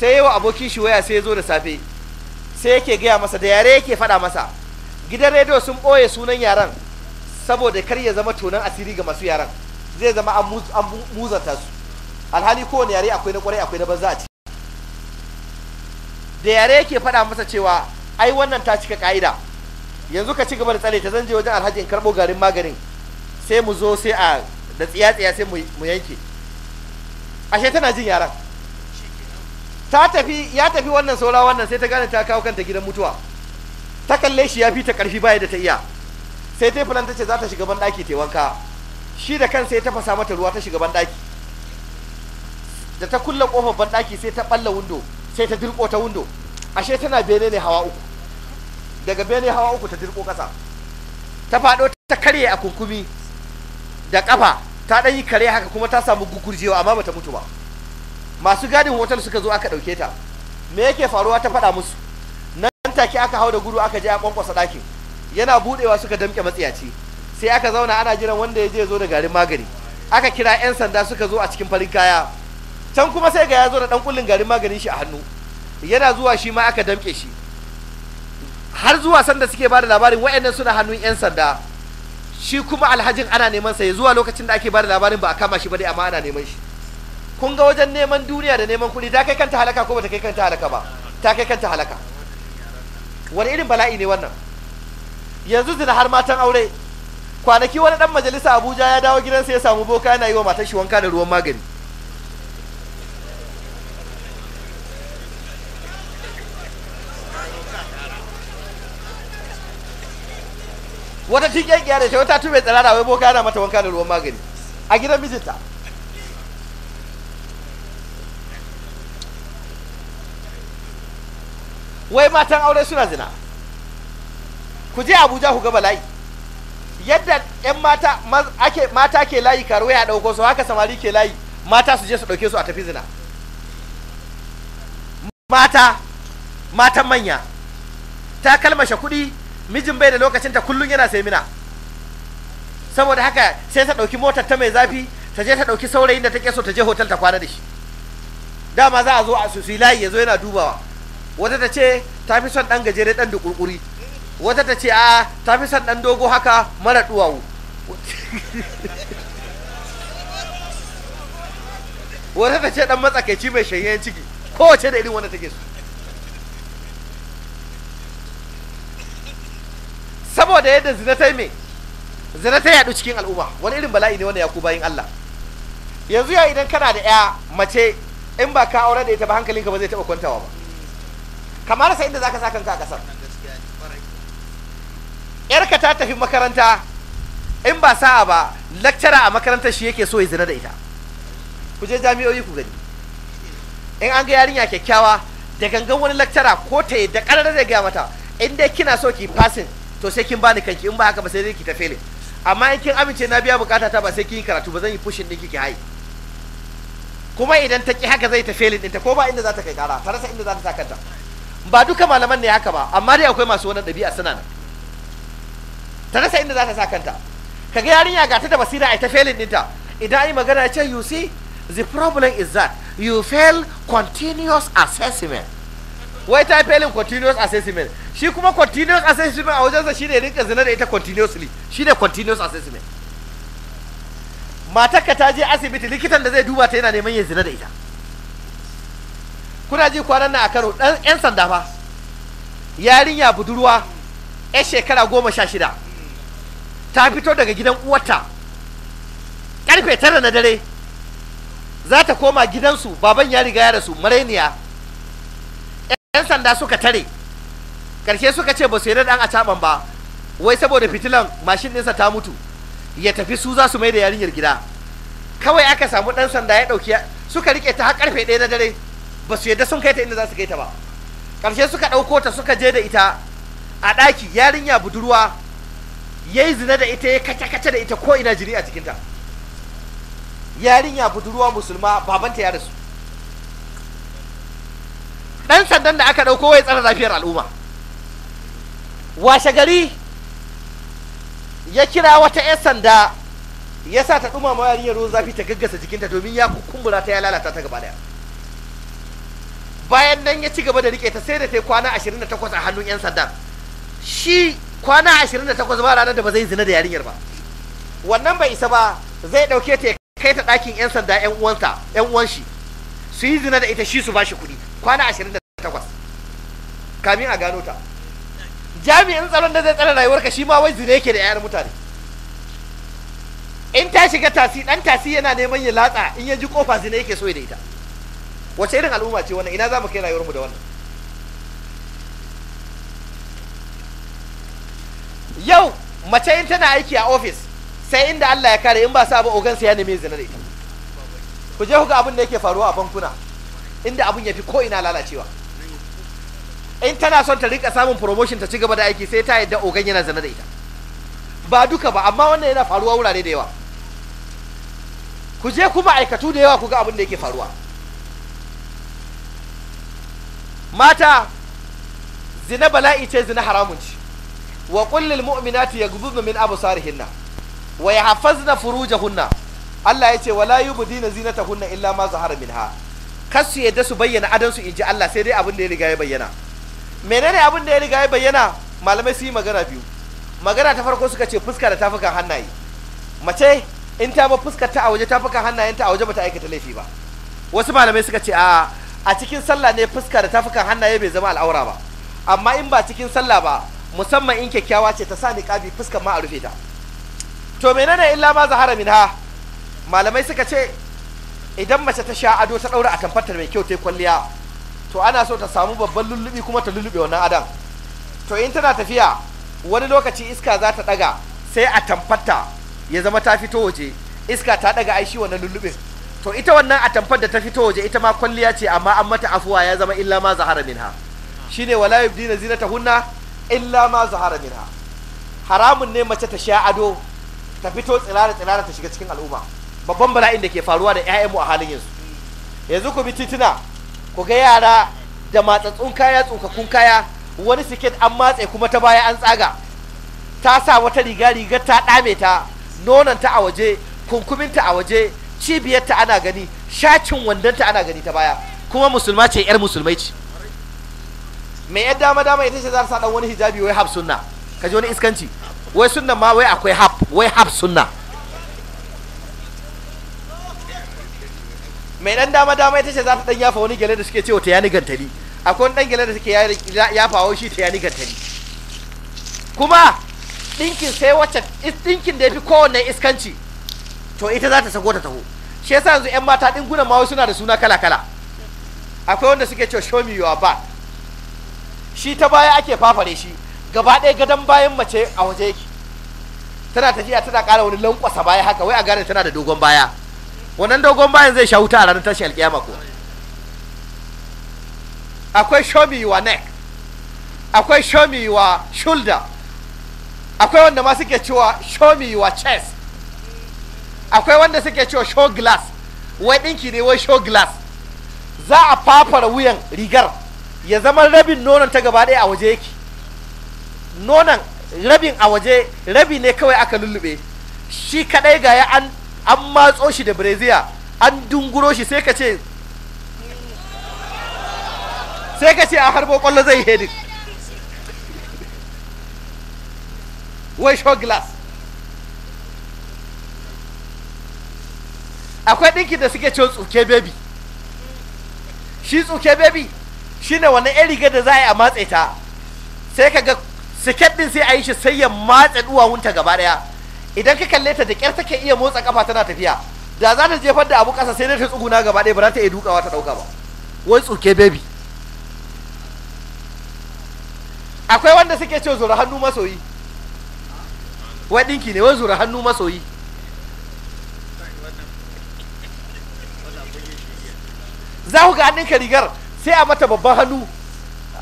sai yawa abokin shi waya sai ya zo da safe sai yake gaya masa da yare yake faɗa masa gidan rediyo sun ɓoye sunan yaran saboda kar ya zama tonon asiri ga masu yaran zai zama an muzanta su alhali kowane yare akwai na kwarai akwai na banza a ciki da yare yake faɗa masa cewa ai wannan ta cika ka'ida yanzu ka ci gaba da tsare ta zan je wajen alhaji in karɓo garin maganin sai mu zo sai a da tsiya-tsiya sai mu yanke ashe tana jin yaran ta tafi ya tafi wannan saura wannan sai ta gane ta kawo kanta gidan mutuwa ta kalle shi ya fi ta karfi baya da ta iya sai ta fulanta ce za ta shiga ban ɗaki ta wanka shi da kan sai ta fasa mata ruwa ta shiga ban ɗaki da ta kulle kofar banɗaki sai ta ɓalla wundo, sai ta dirko ta windo ashe tana bene ne hawa uku daga bene hawa uku ta dirko ƙasa ta faɗo ta karye a kunkumi da ƙafa ta ɗan yi kare haka kuma ta samu gugurjewa amma bata mutu ba masu gadin hotel suka zo aka ɗauke ta me yake faruwa ta faɗa musu nan take aka hau da gudu aka je a ƙwanƙwasa ɗakin yana buɗewa suka damƙe matsiyaci sai aka zauna ana jiran wanda ya je zo da garin magani aka kira 'yan sanda suka zo a cikin farin kaya can kuma sai ga ya zo da dan kullun garin maganin shi a hannu yana zuwa shi ma aka damke shi har zuwa sanda suke bada labarin wayannan suna hannun yan sanda shi kuma alhajin ana neman sa zuwa lokacin da ake bada labarin ba a kama shi ba dai amma ana neman shi kun ga wajen neman duniya da neman kuɗi ta kai kanta halaka ko bata kai kanta halaka ba ta kai kanta halaka wani irin bala'i ne wannan yanzu zina har matan aure kwanaki wani dan majalisa Abuja ya dawo gidansa ya samu boka yana yi wa matar shi wanka da ruwan magani wata tiƙeƙiya da ta wata tube tsirara wai boka yana mata wanka da ruwan magani a gidan mijinta wai matan aure suna zina ku je abuja ku ga bala'i yadda yan mata ake mata ke layi karo ya dauko su haka samari ke layi mata su je su dauke su a tafi zina mata matan manya ta kalmashe kuɗi mijin bai da lokacin ta kullun yana sai mina saboda haka sai ta ɗauki motar ta mai zafi ta je ta ɗauki saurayin da take so ta je hotel ta kwana da shi dama za a zo a susu layi ya zo yana dubawa wata ta ce ta fi son ɗan gajere ɗan da kurkuri wata ta ce a ta fi son ɗan dogo haka mara duwawu wata ta ce ɗan matsakaici mai shanyen ciki kowace da irin wanda take so saboda yadda zina ta me zina ta yadu cikin al'umma wani irin bala'i ne wanda ya ku bayin Allah yanzu ya idan kana da ya mace in ba ka aure da ita ba hankalinka ba zai taɓa kwantawa ba kamar sai inda zaka sa kanka a kasar yarka ta tafi makaranta in ba sa'a ba lakcara a makarantar shi yake so ya zina da ita ku je jami'o'i ku gani in an ga yarinya kyakkyawa da gangan wani lakcara ko ta yi da ƙarar da gaya mata in dai kina so ki fasin to sai kin bani kanki in ba haka ba sai zai ki ta fele amma in kin amince na biya bukata ta ba sai kin yi karatu ba zan yi pushin din kike hayi kuma idan ta ki haka zai ta fele din ta ko ba inda za ta kai kara ta rasa inda za ta sa kanta ba duka malaman ne haka ba amma dai akwai masu wannan ɗabi'a suna nan ta rasa inda za ta sa kanta ga yarinya ga ta da basira ai ta din ta idan ai magana ya ce you see the problem is that you fail continuous assessment wai ta felin continuous assessment shi kuma continuous assessment a wajensa shi ne rinka zina da ita continuously shi ne continuous assessment matarka ta je asibiti likitan da zai duba ta yana neman yin zina da ita kuna ji kwanan nan a karo ɗan 'yan sanda fa yarinya budurwa ya shekara goma sha shida ta fito daga gidan uwarta karfe tara na dare za ta koma gidansu baban ya riga ya rasu marainiya 'yan sanda suka tare karshe suka ce ba su yarda dan a caban ba wai saboda fitilan mashin ɗinsa ta mutu ya tafi su za su mai da yarinyar gida kawai aka samu ɗan sanda ya ɗauki suka rike ta har karfe ɗaya na dare ba su yarda sun kai ta inda za su kai ta ba karshe suka ɗauko ta suka je da ita a ɗaki yarinya budurwa ya yi zina da ita ya kace kace da ita ko ina jini a cikinta yarinya budurwa musulma babanta ya rasu Ɗan sandan da aka ɗauko wai tsara lafiyar al'umma washe gari ya kira wata 'yan sanda ya sa ta ɗumama yarinyar ruwan zafi ta gaggasa jikinta domin ya kumbura ta ya lalata ta gaba daya bayan nan ya ci gaba da rike ta sai da ta kwana 28 a hannun 'yan sanda shi kwana 28 ba ranar da ba zai zina da yarinyar ba wannan bai isa ba zai ɗauke ta ya kai ta ɗakin 'yan sanda 'yan uwansa 'yan uwan shi su yi zina da ita shi su ba shi kuɗi kwana ashirin da takwas kamin a gano ta jami'in tsaron da zai tsare rayuwarka shi ma wai zure yake da 'ya'yan mutane in ta shiga tasi dan tasi yana neman ya latsa in ya ji kofa zina yake so da ita wace irin al'umma ce wannan ina za mu kai rayuwarmu da wannan yau mace in tana aiki a ofis sai inda Allah ya kare in ba sa ba ogansa ya neme zina da ita ku je ku ga abin da yake faruwa a bankuna inda abun ya fi ko ina lalacewa in tana son ta rika samun promotion ta ci gaba da aiki sai ta yadda ogan yana zana da ita ba duka ba amma wannan yana faruwa wurare da yawa ku je kuma aikatu da yawa ku ga abin da yake faruwa mata zina bala'i ce zina haramun ce wa kullil mu'minati yaghdudna min absarihinna wa yahfazna furujahunna Allah ya ce wala yubdina zinatahunna illa ma zahara minha kar su yadda su bayyana adansu in ji Allah sai dai abin da ya riga ya bayyana menene abin da ya riga ya bayyana malamai su yi magana biyu magana ta farko suka ce fuska da tafukan hannaye mace in ta ba fuskar ta a waje tafukan ta a waje bata aikata laifi ba wasu malamai suka ce a a cikin sallah ne fuska da tafukan hannaye bai zama al'aura ba amma in ba cikin sallah ba musamman in kyakkyawa ce ta sa niqabi fuskan ma a rufe ta to menene illa ma zahara ha malamai suka ce idan mace ta sha ado ta daura a tamfarta mai kyau ta kwalliya to ana so ta samu babban lullubi kuma ta lullube wannan adam to in tana tafiya wani lokaci iska za ta daga sai a tamfarta ya zama ta fito waje iska ta daga aishi wannan lullubin to ita wannan a tamfar da ta fito waje ita ma kwalliya ce amma an mata afuwa ya zama illa ma zahara minha shine wala yubdina hunna illa ma zahara minha haramun ne mace ta sha ado ta fito tsirara tsirara ta shiga cikin al'umma babban bala'in da ke faruwa da 'ya'yanmu a halin yanzu yanzu ku bi tituna ku ga yara da matsatsun kaya tsukakkun kaya wani siket an matse kuma ta baya an tsaga ta sa wata riga riga ta ɗame ta ta a waje kunkuminta a waje cibiyarta ana gani shacin wandonta ana gani ta baya kuma musulma ce 'yar musulmai ce mai yar dama dama ita ce za ta sa ɗan wani hijabi wai hab ka ji wani iskanci wai sunna ma wai akwai hab wai hab sunna mai dan dama dama ita ce za ta dan yafa wani gele da suke cewa ta yani gantari akwai dan gele da suke wa shi ta yani gantari kuma dinkin sai wacce dinkin da yafi fi kowanne iskanci to ita za ta sago ta taho shi yasa yanzu yan mata dingunan ma suna da suna kala kala akwai wanda suke cewa show me your back shi ta baya ake fafare shi gaba ɗaya gadon bayan mace a waje yake tana tafiya tana ƙara wani lankwasa baya haka wai a gane tana da dogon baya wannan dogon bayan zai sha wuta a ranar tashin alkiyama ko akwai show me neck akwai show me shoulder akwai wanda ma suke cewa show me chest akwai wanda suke cewa show glass wai ɗinki ne wai show glass za a fafara wuyan rigar ya zama rabin nonon ta gaba ɗaya a waje yake nonon rabin a waje rabi ne kawai aka lullube shi kaɗai ga ya an an matso shi da breziya an dunguro shi sai ka ce sai ka ce a harbo kwallo zai hedin wai shot glass akwai ɗinki da suke cewa tsuke baby shi tsuke baby shi ne wani yan riga da za a yi a matse ta sai ka ga siket ɗin sai a yi shi sai ya matse duwawunta gaba ɗaya idan ka kalle ta da kyar take iya motsa kafa tana tafiya da za ta jefar da abu kasa sai dai ta tsuguna gaba ɗaya ba za ta iya dukawa ta ɗauka ba wai tsoke baby akwai wanda suke ce zura hannu masoyi wai ɗinki ne wai zura hannu masoyi za ku ga hannun rigar sai a mata babban hannu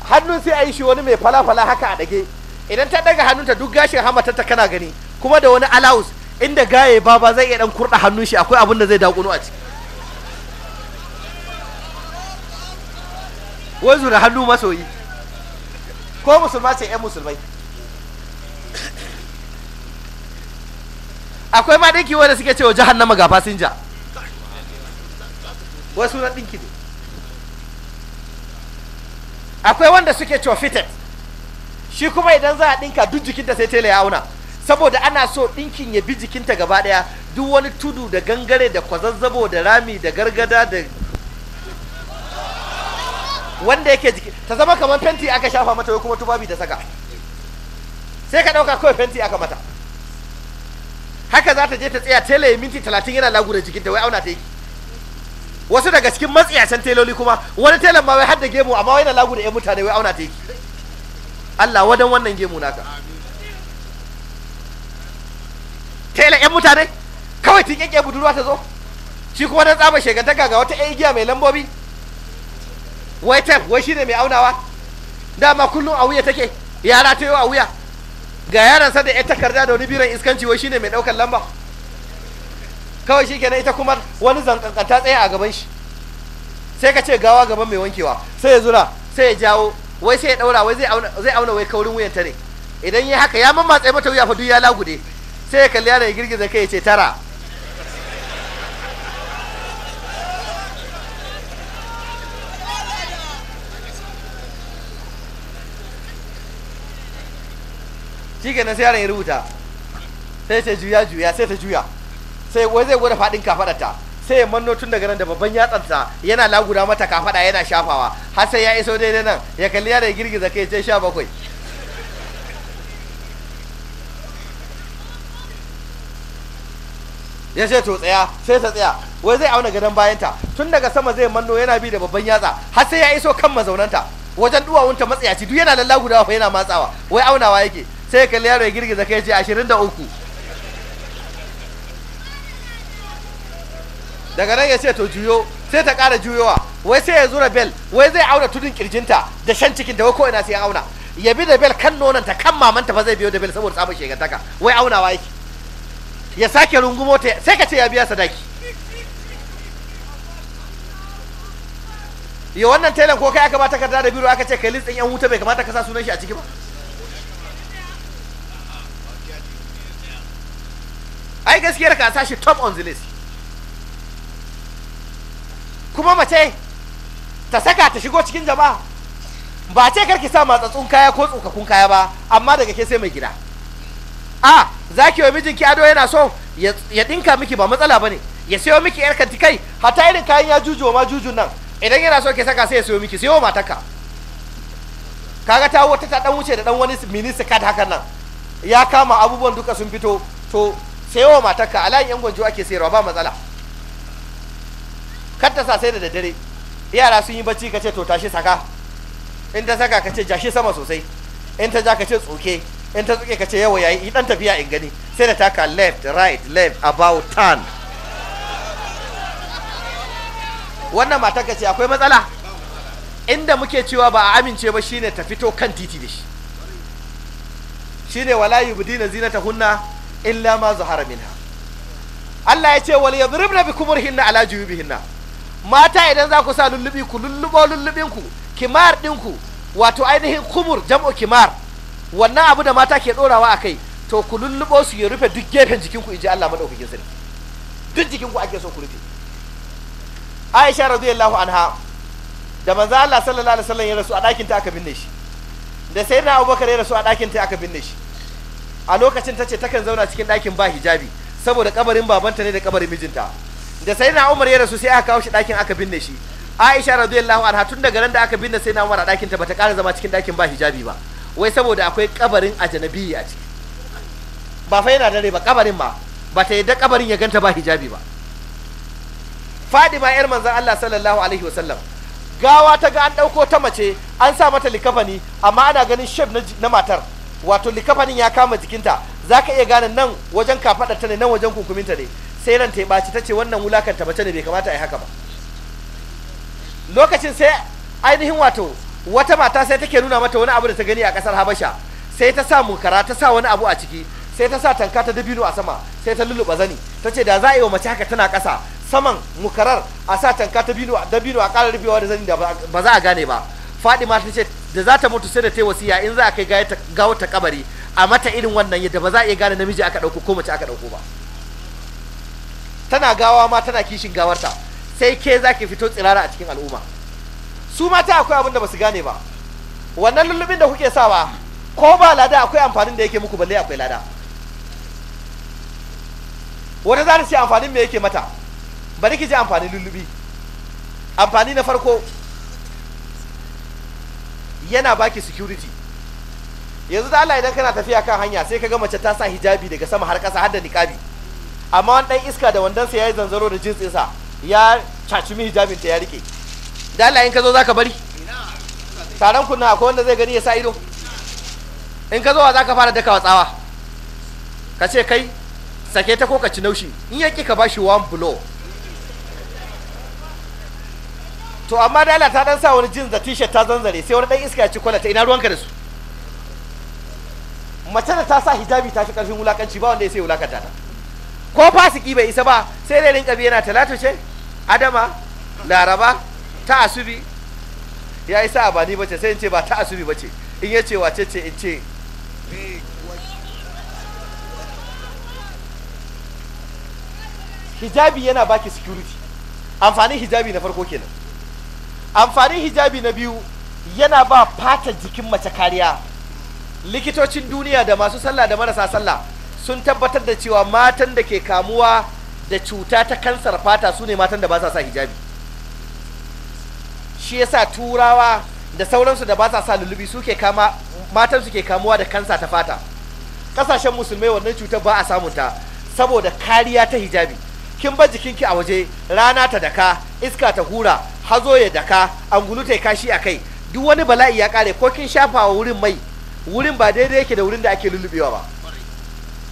hannun sai a yi shi wani mai fala-fala haka a ɗage idan ta daga hannunta duk gashin ta kana gani kuma da wani alaus inda gaye baba zai iya dan kurda hannun shi akwai abin da zai dakuno a ciki wai zura hannu masoyi ko musulma ce yan musulmai akwai ma ɗinki wanda suke cewa jahannama ga fasinja wasu na ɗinki ne akwai wanda suke cewa fitet shi kuma idan za a dinka duk jikinta sai tela ya auna saboda ana so ɗinkin ya bi jikinta gaba daya duk wani tudu da gangare da kwazazzabo da rami da gargada da wanda yake jiki ta zama kamar fenti aka shafa mata wai kuma tubabi ta saka sai ka ɗauka kawai fenti aka mata haka za ta je ta tsaya tela ya minti talatin yana lagura jikinta wai auna ta yi wasu daga cikin matsiyacen teloli kuma wani telon ma wai har da gemu amma wai na da ya mutane wai auna ta yi Allah wadan wannan gemu naka tela yan mutane kawai tun yanke budurwa ta zo shi kuma na tsaba shegantaka ga wata igiya mai lambobi wai tef wai shine mai aunawa dama kullum a wuya take yara ta yi a wuya ga yaransa da yan takarda da wani biran iskanci wai shine mai ɗaukar lamba kawai shi kenan ita kuma wani zankankanta tsaye a gaban shi sai ka ce gawa gaban mai wankewa sai ya zura sai ya jawo wai sai ya daura wai zai auna zai auna wai kaurin wuyanta ne idan ya haka ya tsaye mata wuya fa duk ya lagude sai ya kalli yana ya girgiza kai ya ce tara shi nan sai yaron ya rubuta sai ce juya juya sai ta juya sai wai zai gwada faɗin kafaɗarta sai ya manno tun daga nan da babban yatsansa yana laguda mata kafada yana shafawa har sai ya iso daidai nan ya kalli yana girgiza kai ce sha bakwai ya ce to tsaya sai ta tsaya wai zai auna gadon bayanta tun daga sama zai manno yana bi da babban yatsa har sai ya iso kan mazaunanta wajen duwawunta matsayaci duk yana wafa yana matsawa wai aunawa yake sai ya kalli yaro ya girgiza kai ce ashirin da uku daga nan ya ce to juyo sai ta kara juyowa wai sai ya zura bel wai zai auna tudun kirjinta da shan cikin da ko ina sai ya auna ya bi da bel kan ta kan mamanta ba zai biyo da bel saboda samun shegantaka wai aunawa yake ya sake rungumo ta sai ka ce ya biya sadaki ya wannan telan ko kai aka ba takarda da biro aka ce kai listin yan wuta bai kamata ka sa sunan shi a ciki ba ai gaskiyar ka sa shi top on the list kuma mace ta saka ta shigo cikin jama'a ba ce karki sa matsatsun kaya ko tsukakun kaya ba amma daga ke sai mai gida a za ki wa mijinki ado yana so ya dinka miki ba matsala ba ne ya sayo miki yar kanti kai hata irin kayan ya jujuwa ma jujun nan idan yana so ke saka sai ya sayo miki sayo mataka kaga ta wata ta dan wuce da dan wani minista kad hakan nan ya kama abubuwan duka sun fito to sayo mataka alayin yan gwanjo ake sayarwa ba matsala kar ta sa sai da daddare yara sun yi bacci ka ce to tashi saka in ta saka ka ce jashi sama sosai in ta ja ka ce tsoke in ta tsoke ka ce yawa yayi dan tafiya in gani sai da taka left right left about turn wannan matar ka ce akwai matsala inda muke cewa ba a amince ba shine ta fito kan titi da shi shine wala yubdina ta illa ma zahara minha Allah ya ce wal yadribna bikumurhinna ala jubihinna mata idan za ku sa lullubi ku lullubo lullubin ku kimar ku wato ainihin kumur jam'u kimar wannan abu da mata ke dorawa a kai to ku lullubo su ya rufe duk gefen jikin in inji Allah madaukakin sarki duk jikin ku ake so ku rufe Aisha radiyallahu anha da manzo Allah sallallahu alaihi wasallam ya rasu a dakin ta aka binne shi da sayyidina Abubakar ya rasu a dakin ta aka binne shi a lokacin tace takan zauna cikin ɗakin ba hijabi saboda kabarin babanta ne da kabarin mijinta da sai na umar ya rasu sai aka kawo shi ɗakin aka binne shi aisha radiyallahu anha tun daga nan da aka binne sai na umar a ɗakin ta bata ƙara zama cikin ɗakin ba hijabi ba wai saboda akwai kabarin ajanabi a ciki ba fa yana dare ba kabarin ma bata yadda kabarin ya ganta ba hijabi ba fadima yar manzan Allah sallallahu alaihi wasallam gawa ta ga an ɗauko ta mace an sa mata likafani amma ana ganin shef na matar wato likafanin ya kama jikinta za ka iya gane nan wajen kafaɗarta ne nan wajen kunkuminta ne sai ran ta ɓaci ta ce wannan wulakanta bace ne bai kamata a yi haka ba lokacin sai ainihin wato wata mata sai take nuna mata wani abu da ta gani a ƙasar habasha sai ta sa munkara ta sa wani abu a ciki sai ta sa tanka ta dabino a sama sai ta lulluɓa zani ta ce da za a yi wa mace haka tana ƙasa saman mukarar a sa tanka ta dabino a ƙara rufewa da zani da ba za a gane ba fadima ta ce da za ta mutu sai da ta yi wasiya in za a kai gawo ta kabari a mata irin wannan yadda ba za a iya gane namiji aka ɗauko ko mace aka ɗauko ba tana gawa ma tana kishin gawarta sai ke zaki fito tsirara a cikin al'umma su mata akwai abin da su gane ba wannan lullubin da kuke sawa ko ba lada akwai amfanin da yake muku balle akwai lada wata za ta ce amfanin me yake mata bari ki ji amfanin lullubi amfani na farko yana baki security yanzu da Allah idan kana tafiya kan hanya sai ka ga mace ta sa hijabi daga sama har ƙasa har da niqabi amma wani dan iska da wandonsa ya yi zanzaro da jinsinsa ya caci mi hijabin ta ya rike da Allah in ka zo zaka bari taron kunna akwai wanda zai gani ya sa ido in ka zo wa zaka fara daka tsawa ka ce kai sake ta ko ka ci naushi in yaki ka bashi one blow to amma da Allah ta dan sa wani jeans da t-shirt ta zanzare sai wani dan iska ya ci kwalata ina ruwanka da su mace da ta sa hijabi ta fi karfin wulakanci ba wanda ya sai wulakanta ta ko fasiki bai isa ba sai dai rinka biyana yana talatu ce adama laraba ta asubi ya isa ba ni bace sai in ce ba ta asubi bace in ya ce wace ce in ce hijabi yana baki security amfanin hijabi na farko kenan amfanin hijabi na biyu yana ba fata jikin mace kariya likitocin duniya da masu sallah da marasa sallah sun tabbatar da cewa matan da ke kamuwa da cuta ta kansar fata su ne matan da ba sa sa hijabi shi yasa turawa da sauransu da ba sa sa lullubi ke kama matan ke kamuwa da kansa ta fata kasashen musulmai wannan cutar ba a samunta saboda kariya ta hijabi kin bar jikinki a waje rana ta daka iska ta hura hazo ya daka angulu ta kashi a kai duk wani bala'i ya kare ko kin shafa wa wurin mai wurin ba daidai yake da wurin da ake lulubewa ba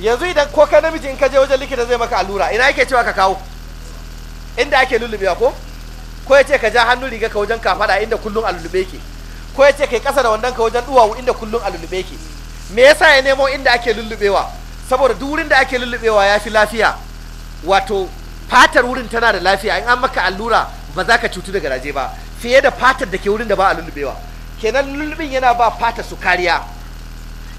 yanzu idan ko ka namiji in ka je wajen likita zai maka allura ina yake cewa ka kawo inda ake lullubewa ko ko ya ce ka ja hannu riga ka wajen kafada inda kullun allulube ko ya ce kai kasa da wandon ka wajen duwawu inda kullun a lullube ke me yasa ya nemo inda ake lullubewa saboda duk wurin da ake lullubewa ya fi lafiya wato fatar wurin tana da lafiya in an maka allura ba za ka cutu da raje ba fiye da fatar da ke wurin da ba a lullubewa kenan lullubin yana ba fatar su kariya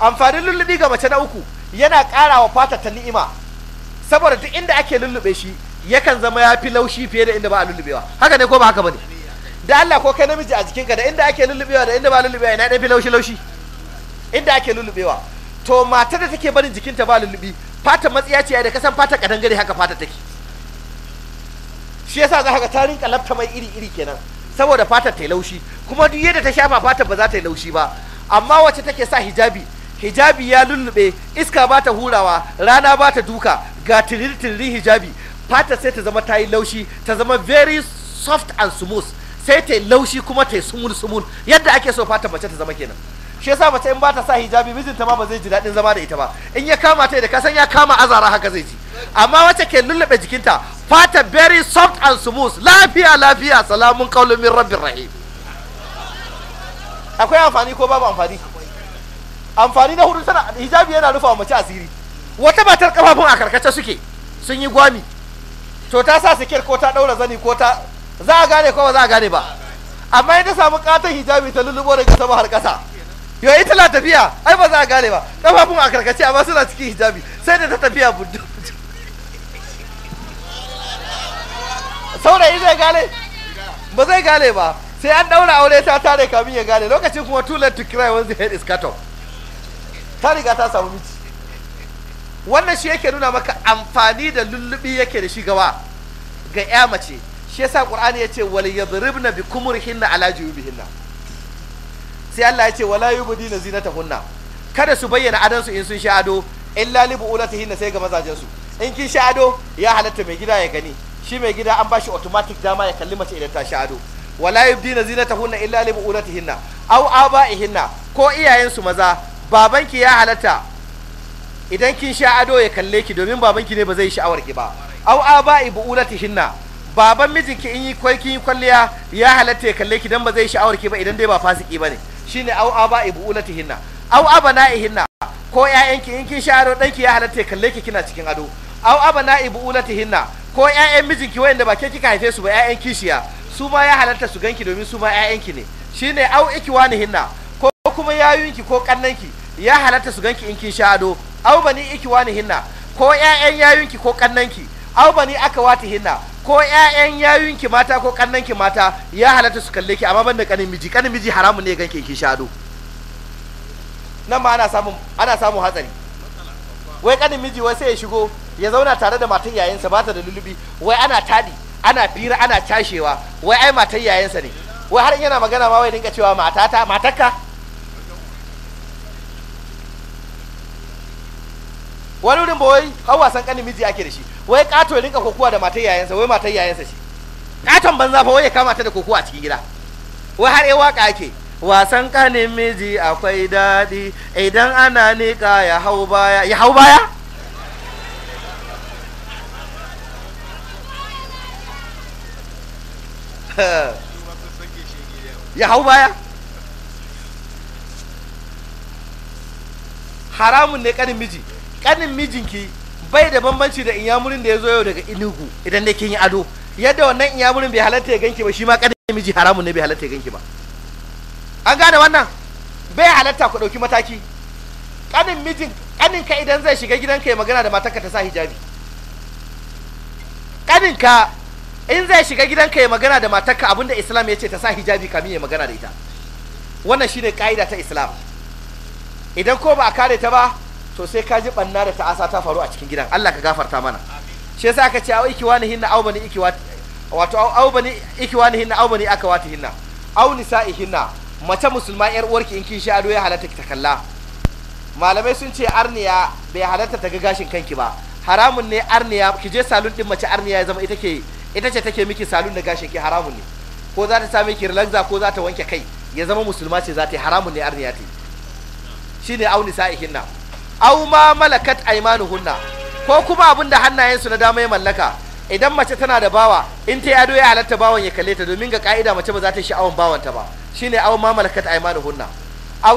amfanin lullubi ga mace na uku yana ƙara wa fata ta ni'ima saboda duk inda ake lullube shi yakan zama ya fi laushi fiye da inda ba a lullubewa haka ne ko ba haka bane da Allah ko kai namiji a jikinka da inda ake lullubewa da inda ba lullubewa yana ɗan fi laushi laushi inda ake lullubewa to mata da take barin jikinta ba lullubi fata matsiya ce da kasan fata kadangare haka fata take shi yasa za ka tarin kalabta mai iri iri kenan saboda fata ta yi laushi kuma duk yadda ta shafa fata ba za ta yi laushi ba amma wacce take sa hijabi hijabi ya lullube iska ba ta hurawa rana ba ta duka ga tiriri hijabi fata sai ta zama ta yi laushi ta zama very soft and smooth sai ta yi laushi kuma ta yi sumul sumul yadda ake so fata mace ta zama kenan shi yasa mace in ba ta sa hijabi mijinta ma ba zai ji daɗin zama da ita ba in ya kama ta da kasan ya kama azara haka zai ji amma wacce ke lullube jikinta fata very soft and smooth lafiya lafiya salamun kaulumin rabin rahim akwai amfani ko babu amfani amfani na hudu tana hijabi yana rufa mace asiri wata matar kafafun a karkace suke sun yi gwami to ta sa sikir ko ta daura zani ko ta za a gane ko ba za a gane ba amma idan samu katon hijabi ta lullubo daga sama har kasa yo ita na tafiya ai ba za a gane ba kafafun a karkace amma suna cikin hijabi sai da ta tafiya buddu saurayi zai gane ba zai gane ba sai an daura aure ta tare kamin ya gane lokacin kuma too late to cry once the head is cut off ta riga ta samu miji wannan shi yake nuna maka amfani da lullubi yake da shi gawa ga ya mace shi yasa qur'ani yace wal yadribna bi kumurihinna ala jubihinna sai Allah yace wala yubdina zinatahunna kada su bayyana adansu in sun sha ado illa li bu'ulatihinna sai ga mazajen su in kin sha ado ya halatta mai gida ya gani shi mai gida an bashi automatic dama ya kalli mace idan ta sha ado wala yubdina zinatahunna illa li bu'ulatihinna aw aba'ihinna ko iyayensu maza babanki ya halatta idan kin sha ado ya kalle ki domin babanki ne ba zai sha'awar ki ba au ulati hinna baban mijinki in yi kin kwalliya ya halatta ya kalle ki dan ba zai sha'awar ki ba idan dai ba fasiki bane shine au a ulati hinna au a hinna ko ƴaƴanki in kin sha ado danki ya halatta ya kalle ki kina cikin ado au a ulati hinna ko ƴaƴan mijinki wayanda ba ke kika haife su ba ƴaƴan kishiya su ma ya halatta su ganki domin su ma ƴaƴanki ne shine au hinna ko kuma yayunki ko kannanki ya halatta su ganki in kin sha ado aw bani wani hinna ko ƴaƴan yayunki ko kannanki aw bani akawati hinna ko ƴaƴan yayunki mata ko kannanki mata ya halatta su kalle ki amma ban da kanin miji kanin miji haramu ne ganki in kin sha ado nan ma ana samun ana samun hatsari wai kanin miji wai sai ya shigo ya zauna tare da matan yayansa ba ta da lulubi wai ana tadi ana fira ana cashewa wai ai matan yayansa ne wai har yana magana ma wai dinka cewa matata matakka wani wurin ba wai har wasan kanin miji ake da shi wai kato rinka kokuwa da matar yayansa wai matar yayansa shi katon banza fa wai ya kama ta da kokuwa a cikin gida wai har ya waka ake wasan kanin miji akwai daɗi idan ana nika ya hau baya ya hau baya ya hau baya haramun ne kanin miji kanin mijinki bai da bambanci da inyamurin da ya zo yau daga inugu idan da kin yi ado yadda wannan inyamurin bai halatta ya ganki ba shi ma kanin miji haramun ne bai halatta ya ganki ba an gane wannan bai halatta ku ɗauki mataki kanin mijin kanin ka idan zai shiga gidanka ya magana da matarka ta sa hijabi kanin ka in zai shiga gidanka ya magana da matarka abinda islam ya ce ta sa hijabi kamin ya magana da ita wannan shine ka'ida ta islam idan ko ba a kare ta ba to sai ka ji banna da ta'asa ta faru a cikin gidan Allah ka gafarta mana shi yasa aka ce au wani hinna au bani ikiwati wato au bani ikiwani hinna au bani wata hinna au nisa'i hinna mace musulma yar uwarki in kin sha ado ya halatta ki ta kalla malamai sun ce arniya bai halatta ta ga gashin kanki ba haramun ne arniya ki je salon din mace arniya ya zama ita ke ita ce take miki salon da gashin ki haramun ne ko za ta sa miki relaxa ko za ta wanke kai ya zama musulma ce za ta yi haramun ne arniya ta yi shine au nisa'i hinna au ma malakat aymanuhunna ko kuma abin da hannayensu na dama ya mallaka idan mace tana da bawa in ta yado ya halatta bawan ya kalle ta domin ga ka'ida mace ba za ta yi sha'awan bawanta ba shine au ma malakat aymanuhunna aw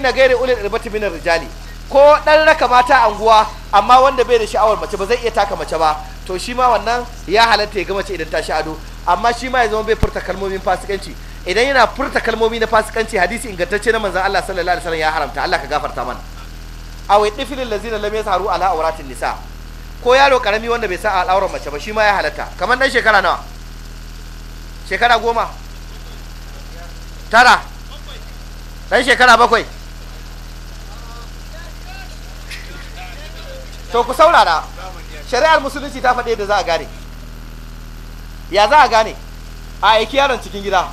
na gairi ulil irbati min rijali ko dan raka mata anguwa amma wanda bai da sha'awar mace ba zai iya taka mace ba to shi ma wannan ya halatta ya ga mace idan ta sha ado amma shi ma ya zama bai furta kalmomin fasikanci idan yana furta kalmomi na fasikanci hadisi ingantacce na manzon Allah sallallahu alaihi wasallam ya haramta Allah ka gafarta mana aw lazi na lam saru ala auratin nisa ko yaro karami wanda bai sa a al'auran mace ba shi ma ya halatta kamar dan shekara nawa shekara goma tara dan shekara bakwai to ku saurara shari'ar musulunci ta faɗi da za a gane ya za a gane a aiki yaron cikin gida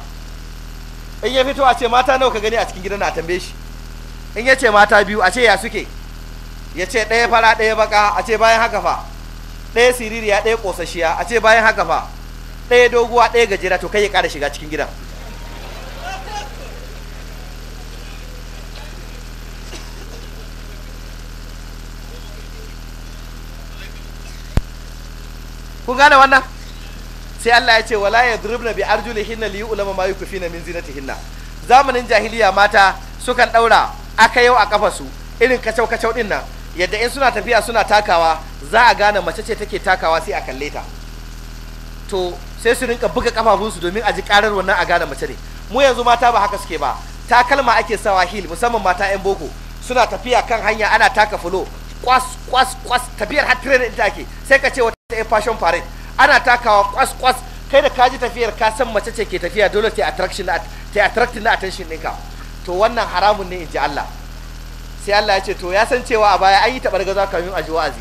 in ya fito a ce mata nawa ka gani a cikin gida na tambaye shi in ya ce mata biyu a ce ya suke ya ce ɗaya fara ɗaya baka a ce bayan haka fa ɗaya siririya ɗaya ƙosashiya a ce bayan haka fa ɗaya doguwa ɗaya gajera to kai ya ƙara shiga cikin gidan kun gane wannan sai Allah ya ce wala yadribna bi hinna li ulama ma na min hinna. zamanin jahiliya mata sukan daura aka yau a kafa su irin kacau kacau din nan yadda in suna tafiya suna takawa za a gane mace ce take takawa sai a kalle ta to sai su rinka buga kafafunsu domin a ji karar wannan a gane mace ne mu yanzu mata ba haka suke ba takalma ake sawa hil musamman mata yan boko suna tafiya kan hanya ana taka fulo kwas kwas kwas tafiyar har train ita ake sai ka ce wata yan fashion parade ana takawa kwas kwas kai da kaji tafiyar ka san mace ce ke tafiya dole ta attraction na attention ɗinka to wannan haramun ne in ji Allah sai Allah ya ce to ya san cewa a baya an yi taɓargaza kamin a ji wa'azi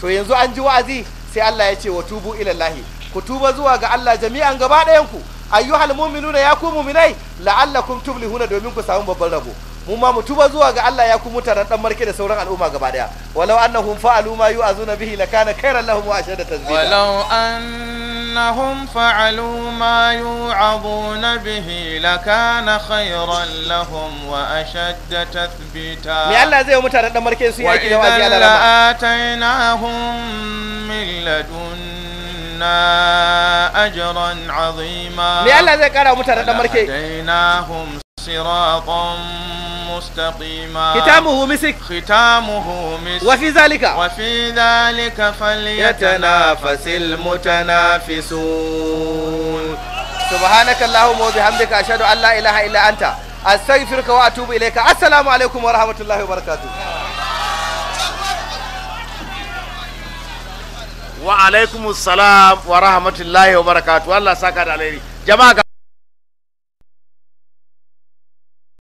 to yanzu an ji wa'azi sai Allah ya ce wa tubu ilallahi ku tuba zuwa ga Allah jami'an gaba ɗayan ku ayyuhal mu'minuna ya ku mu'minai la'allakum tuflihuna domin ku samu babban rabo mu ma mu tuba zuwa ga Allah ya ku mutanen dan marke da sauran al'umma gaba daya walau annahum fa'alu ma yu'azuna bihi lakana khairan lahum wa ashadda tazkira walau annahum fa'alu ma yu'azuna bihi lakana khairan lahum wa ashadda tathbita me Allah zai yi mutanen dan marke su yaki da wajiya da rama atainahum min ladun لنا أجرا عظيما لألا ذكر متردد مركي صراطا مستقيما ختامه مسك ختامه مسك وفي ذلك وفي ذلك فليتنافس المتنافسون سبحانك اللهم وبحمدك أشهد أن لا إله إلا أنت أستغفرك وأتوب إليك السلام عليكم ورحمة الله وبركاته wa alaikumussalam wa rahmatullahi wa barakatuh Allah saka da alheri jama'a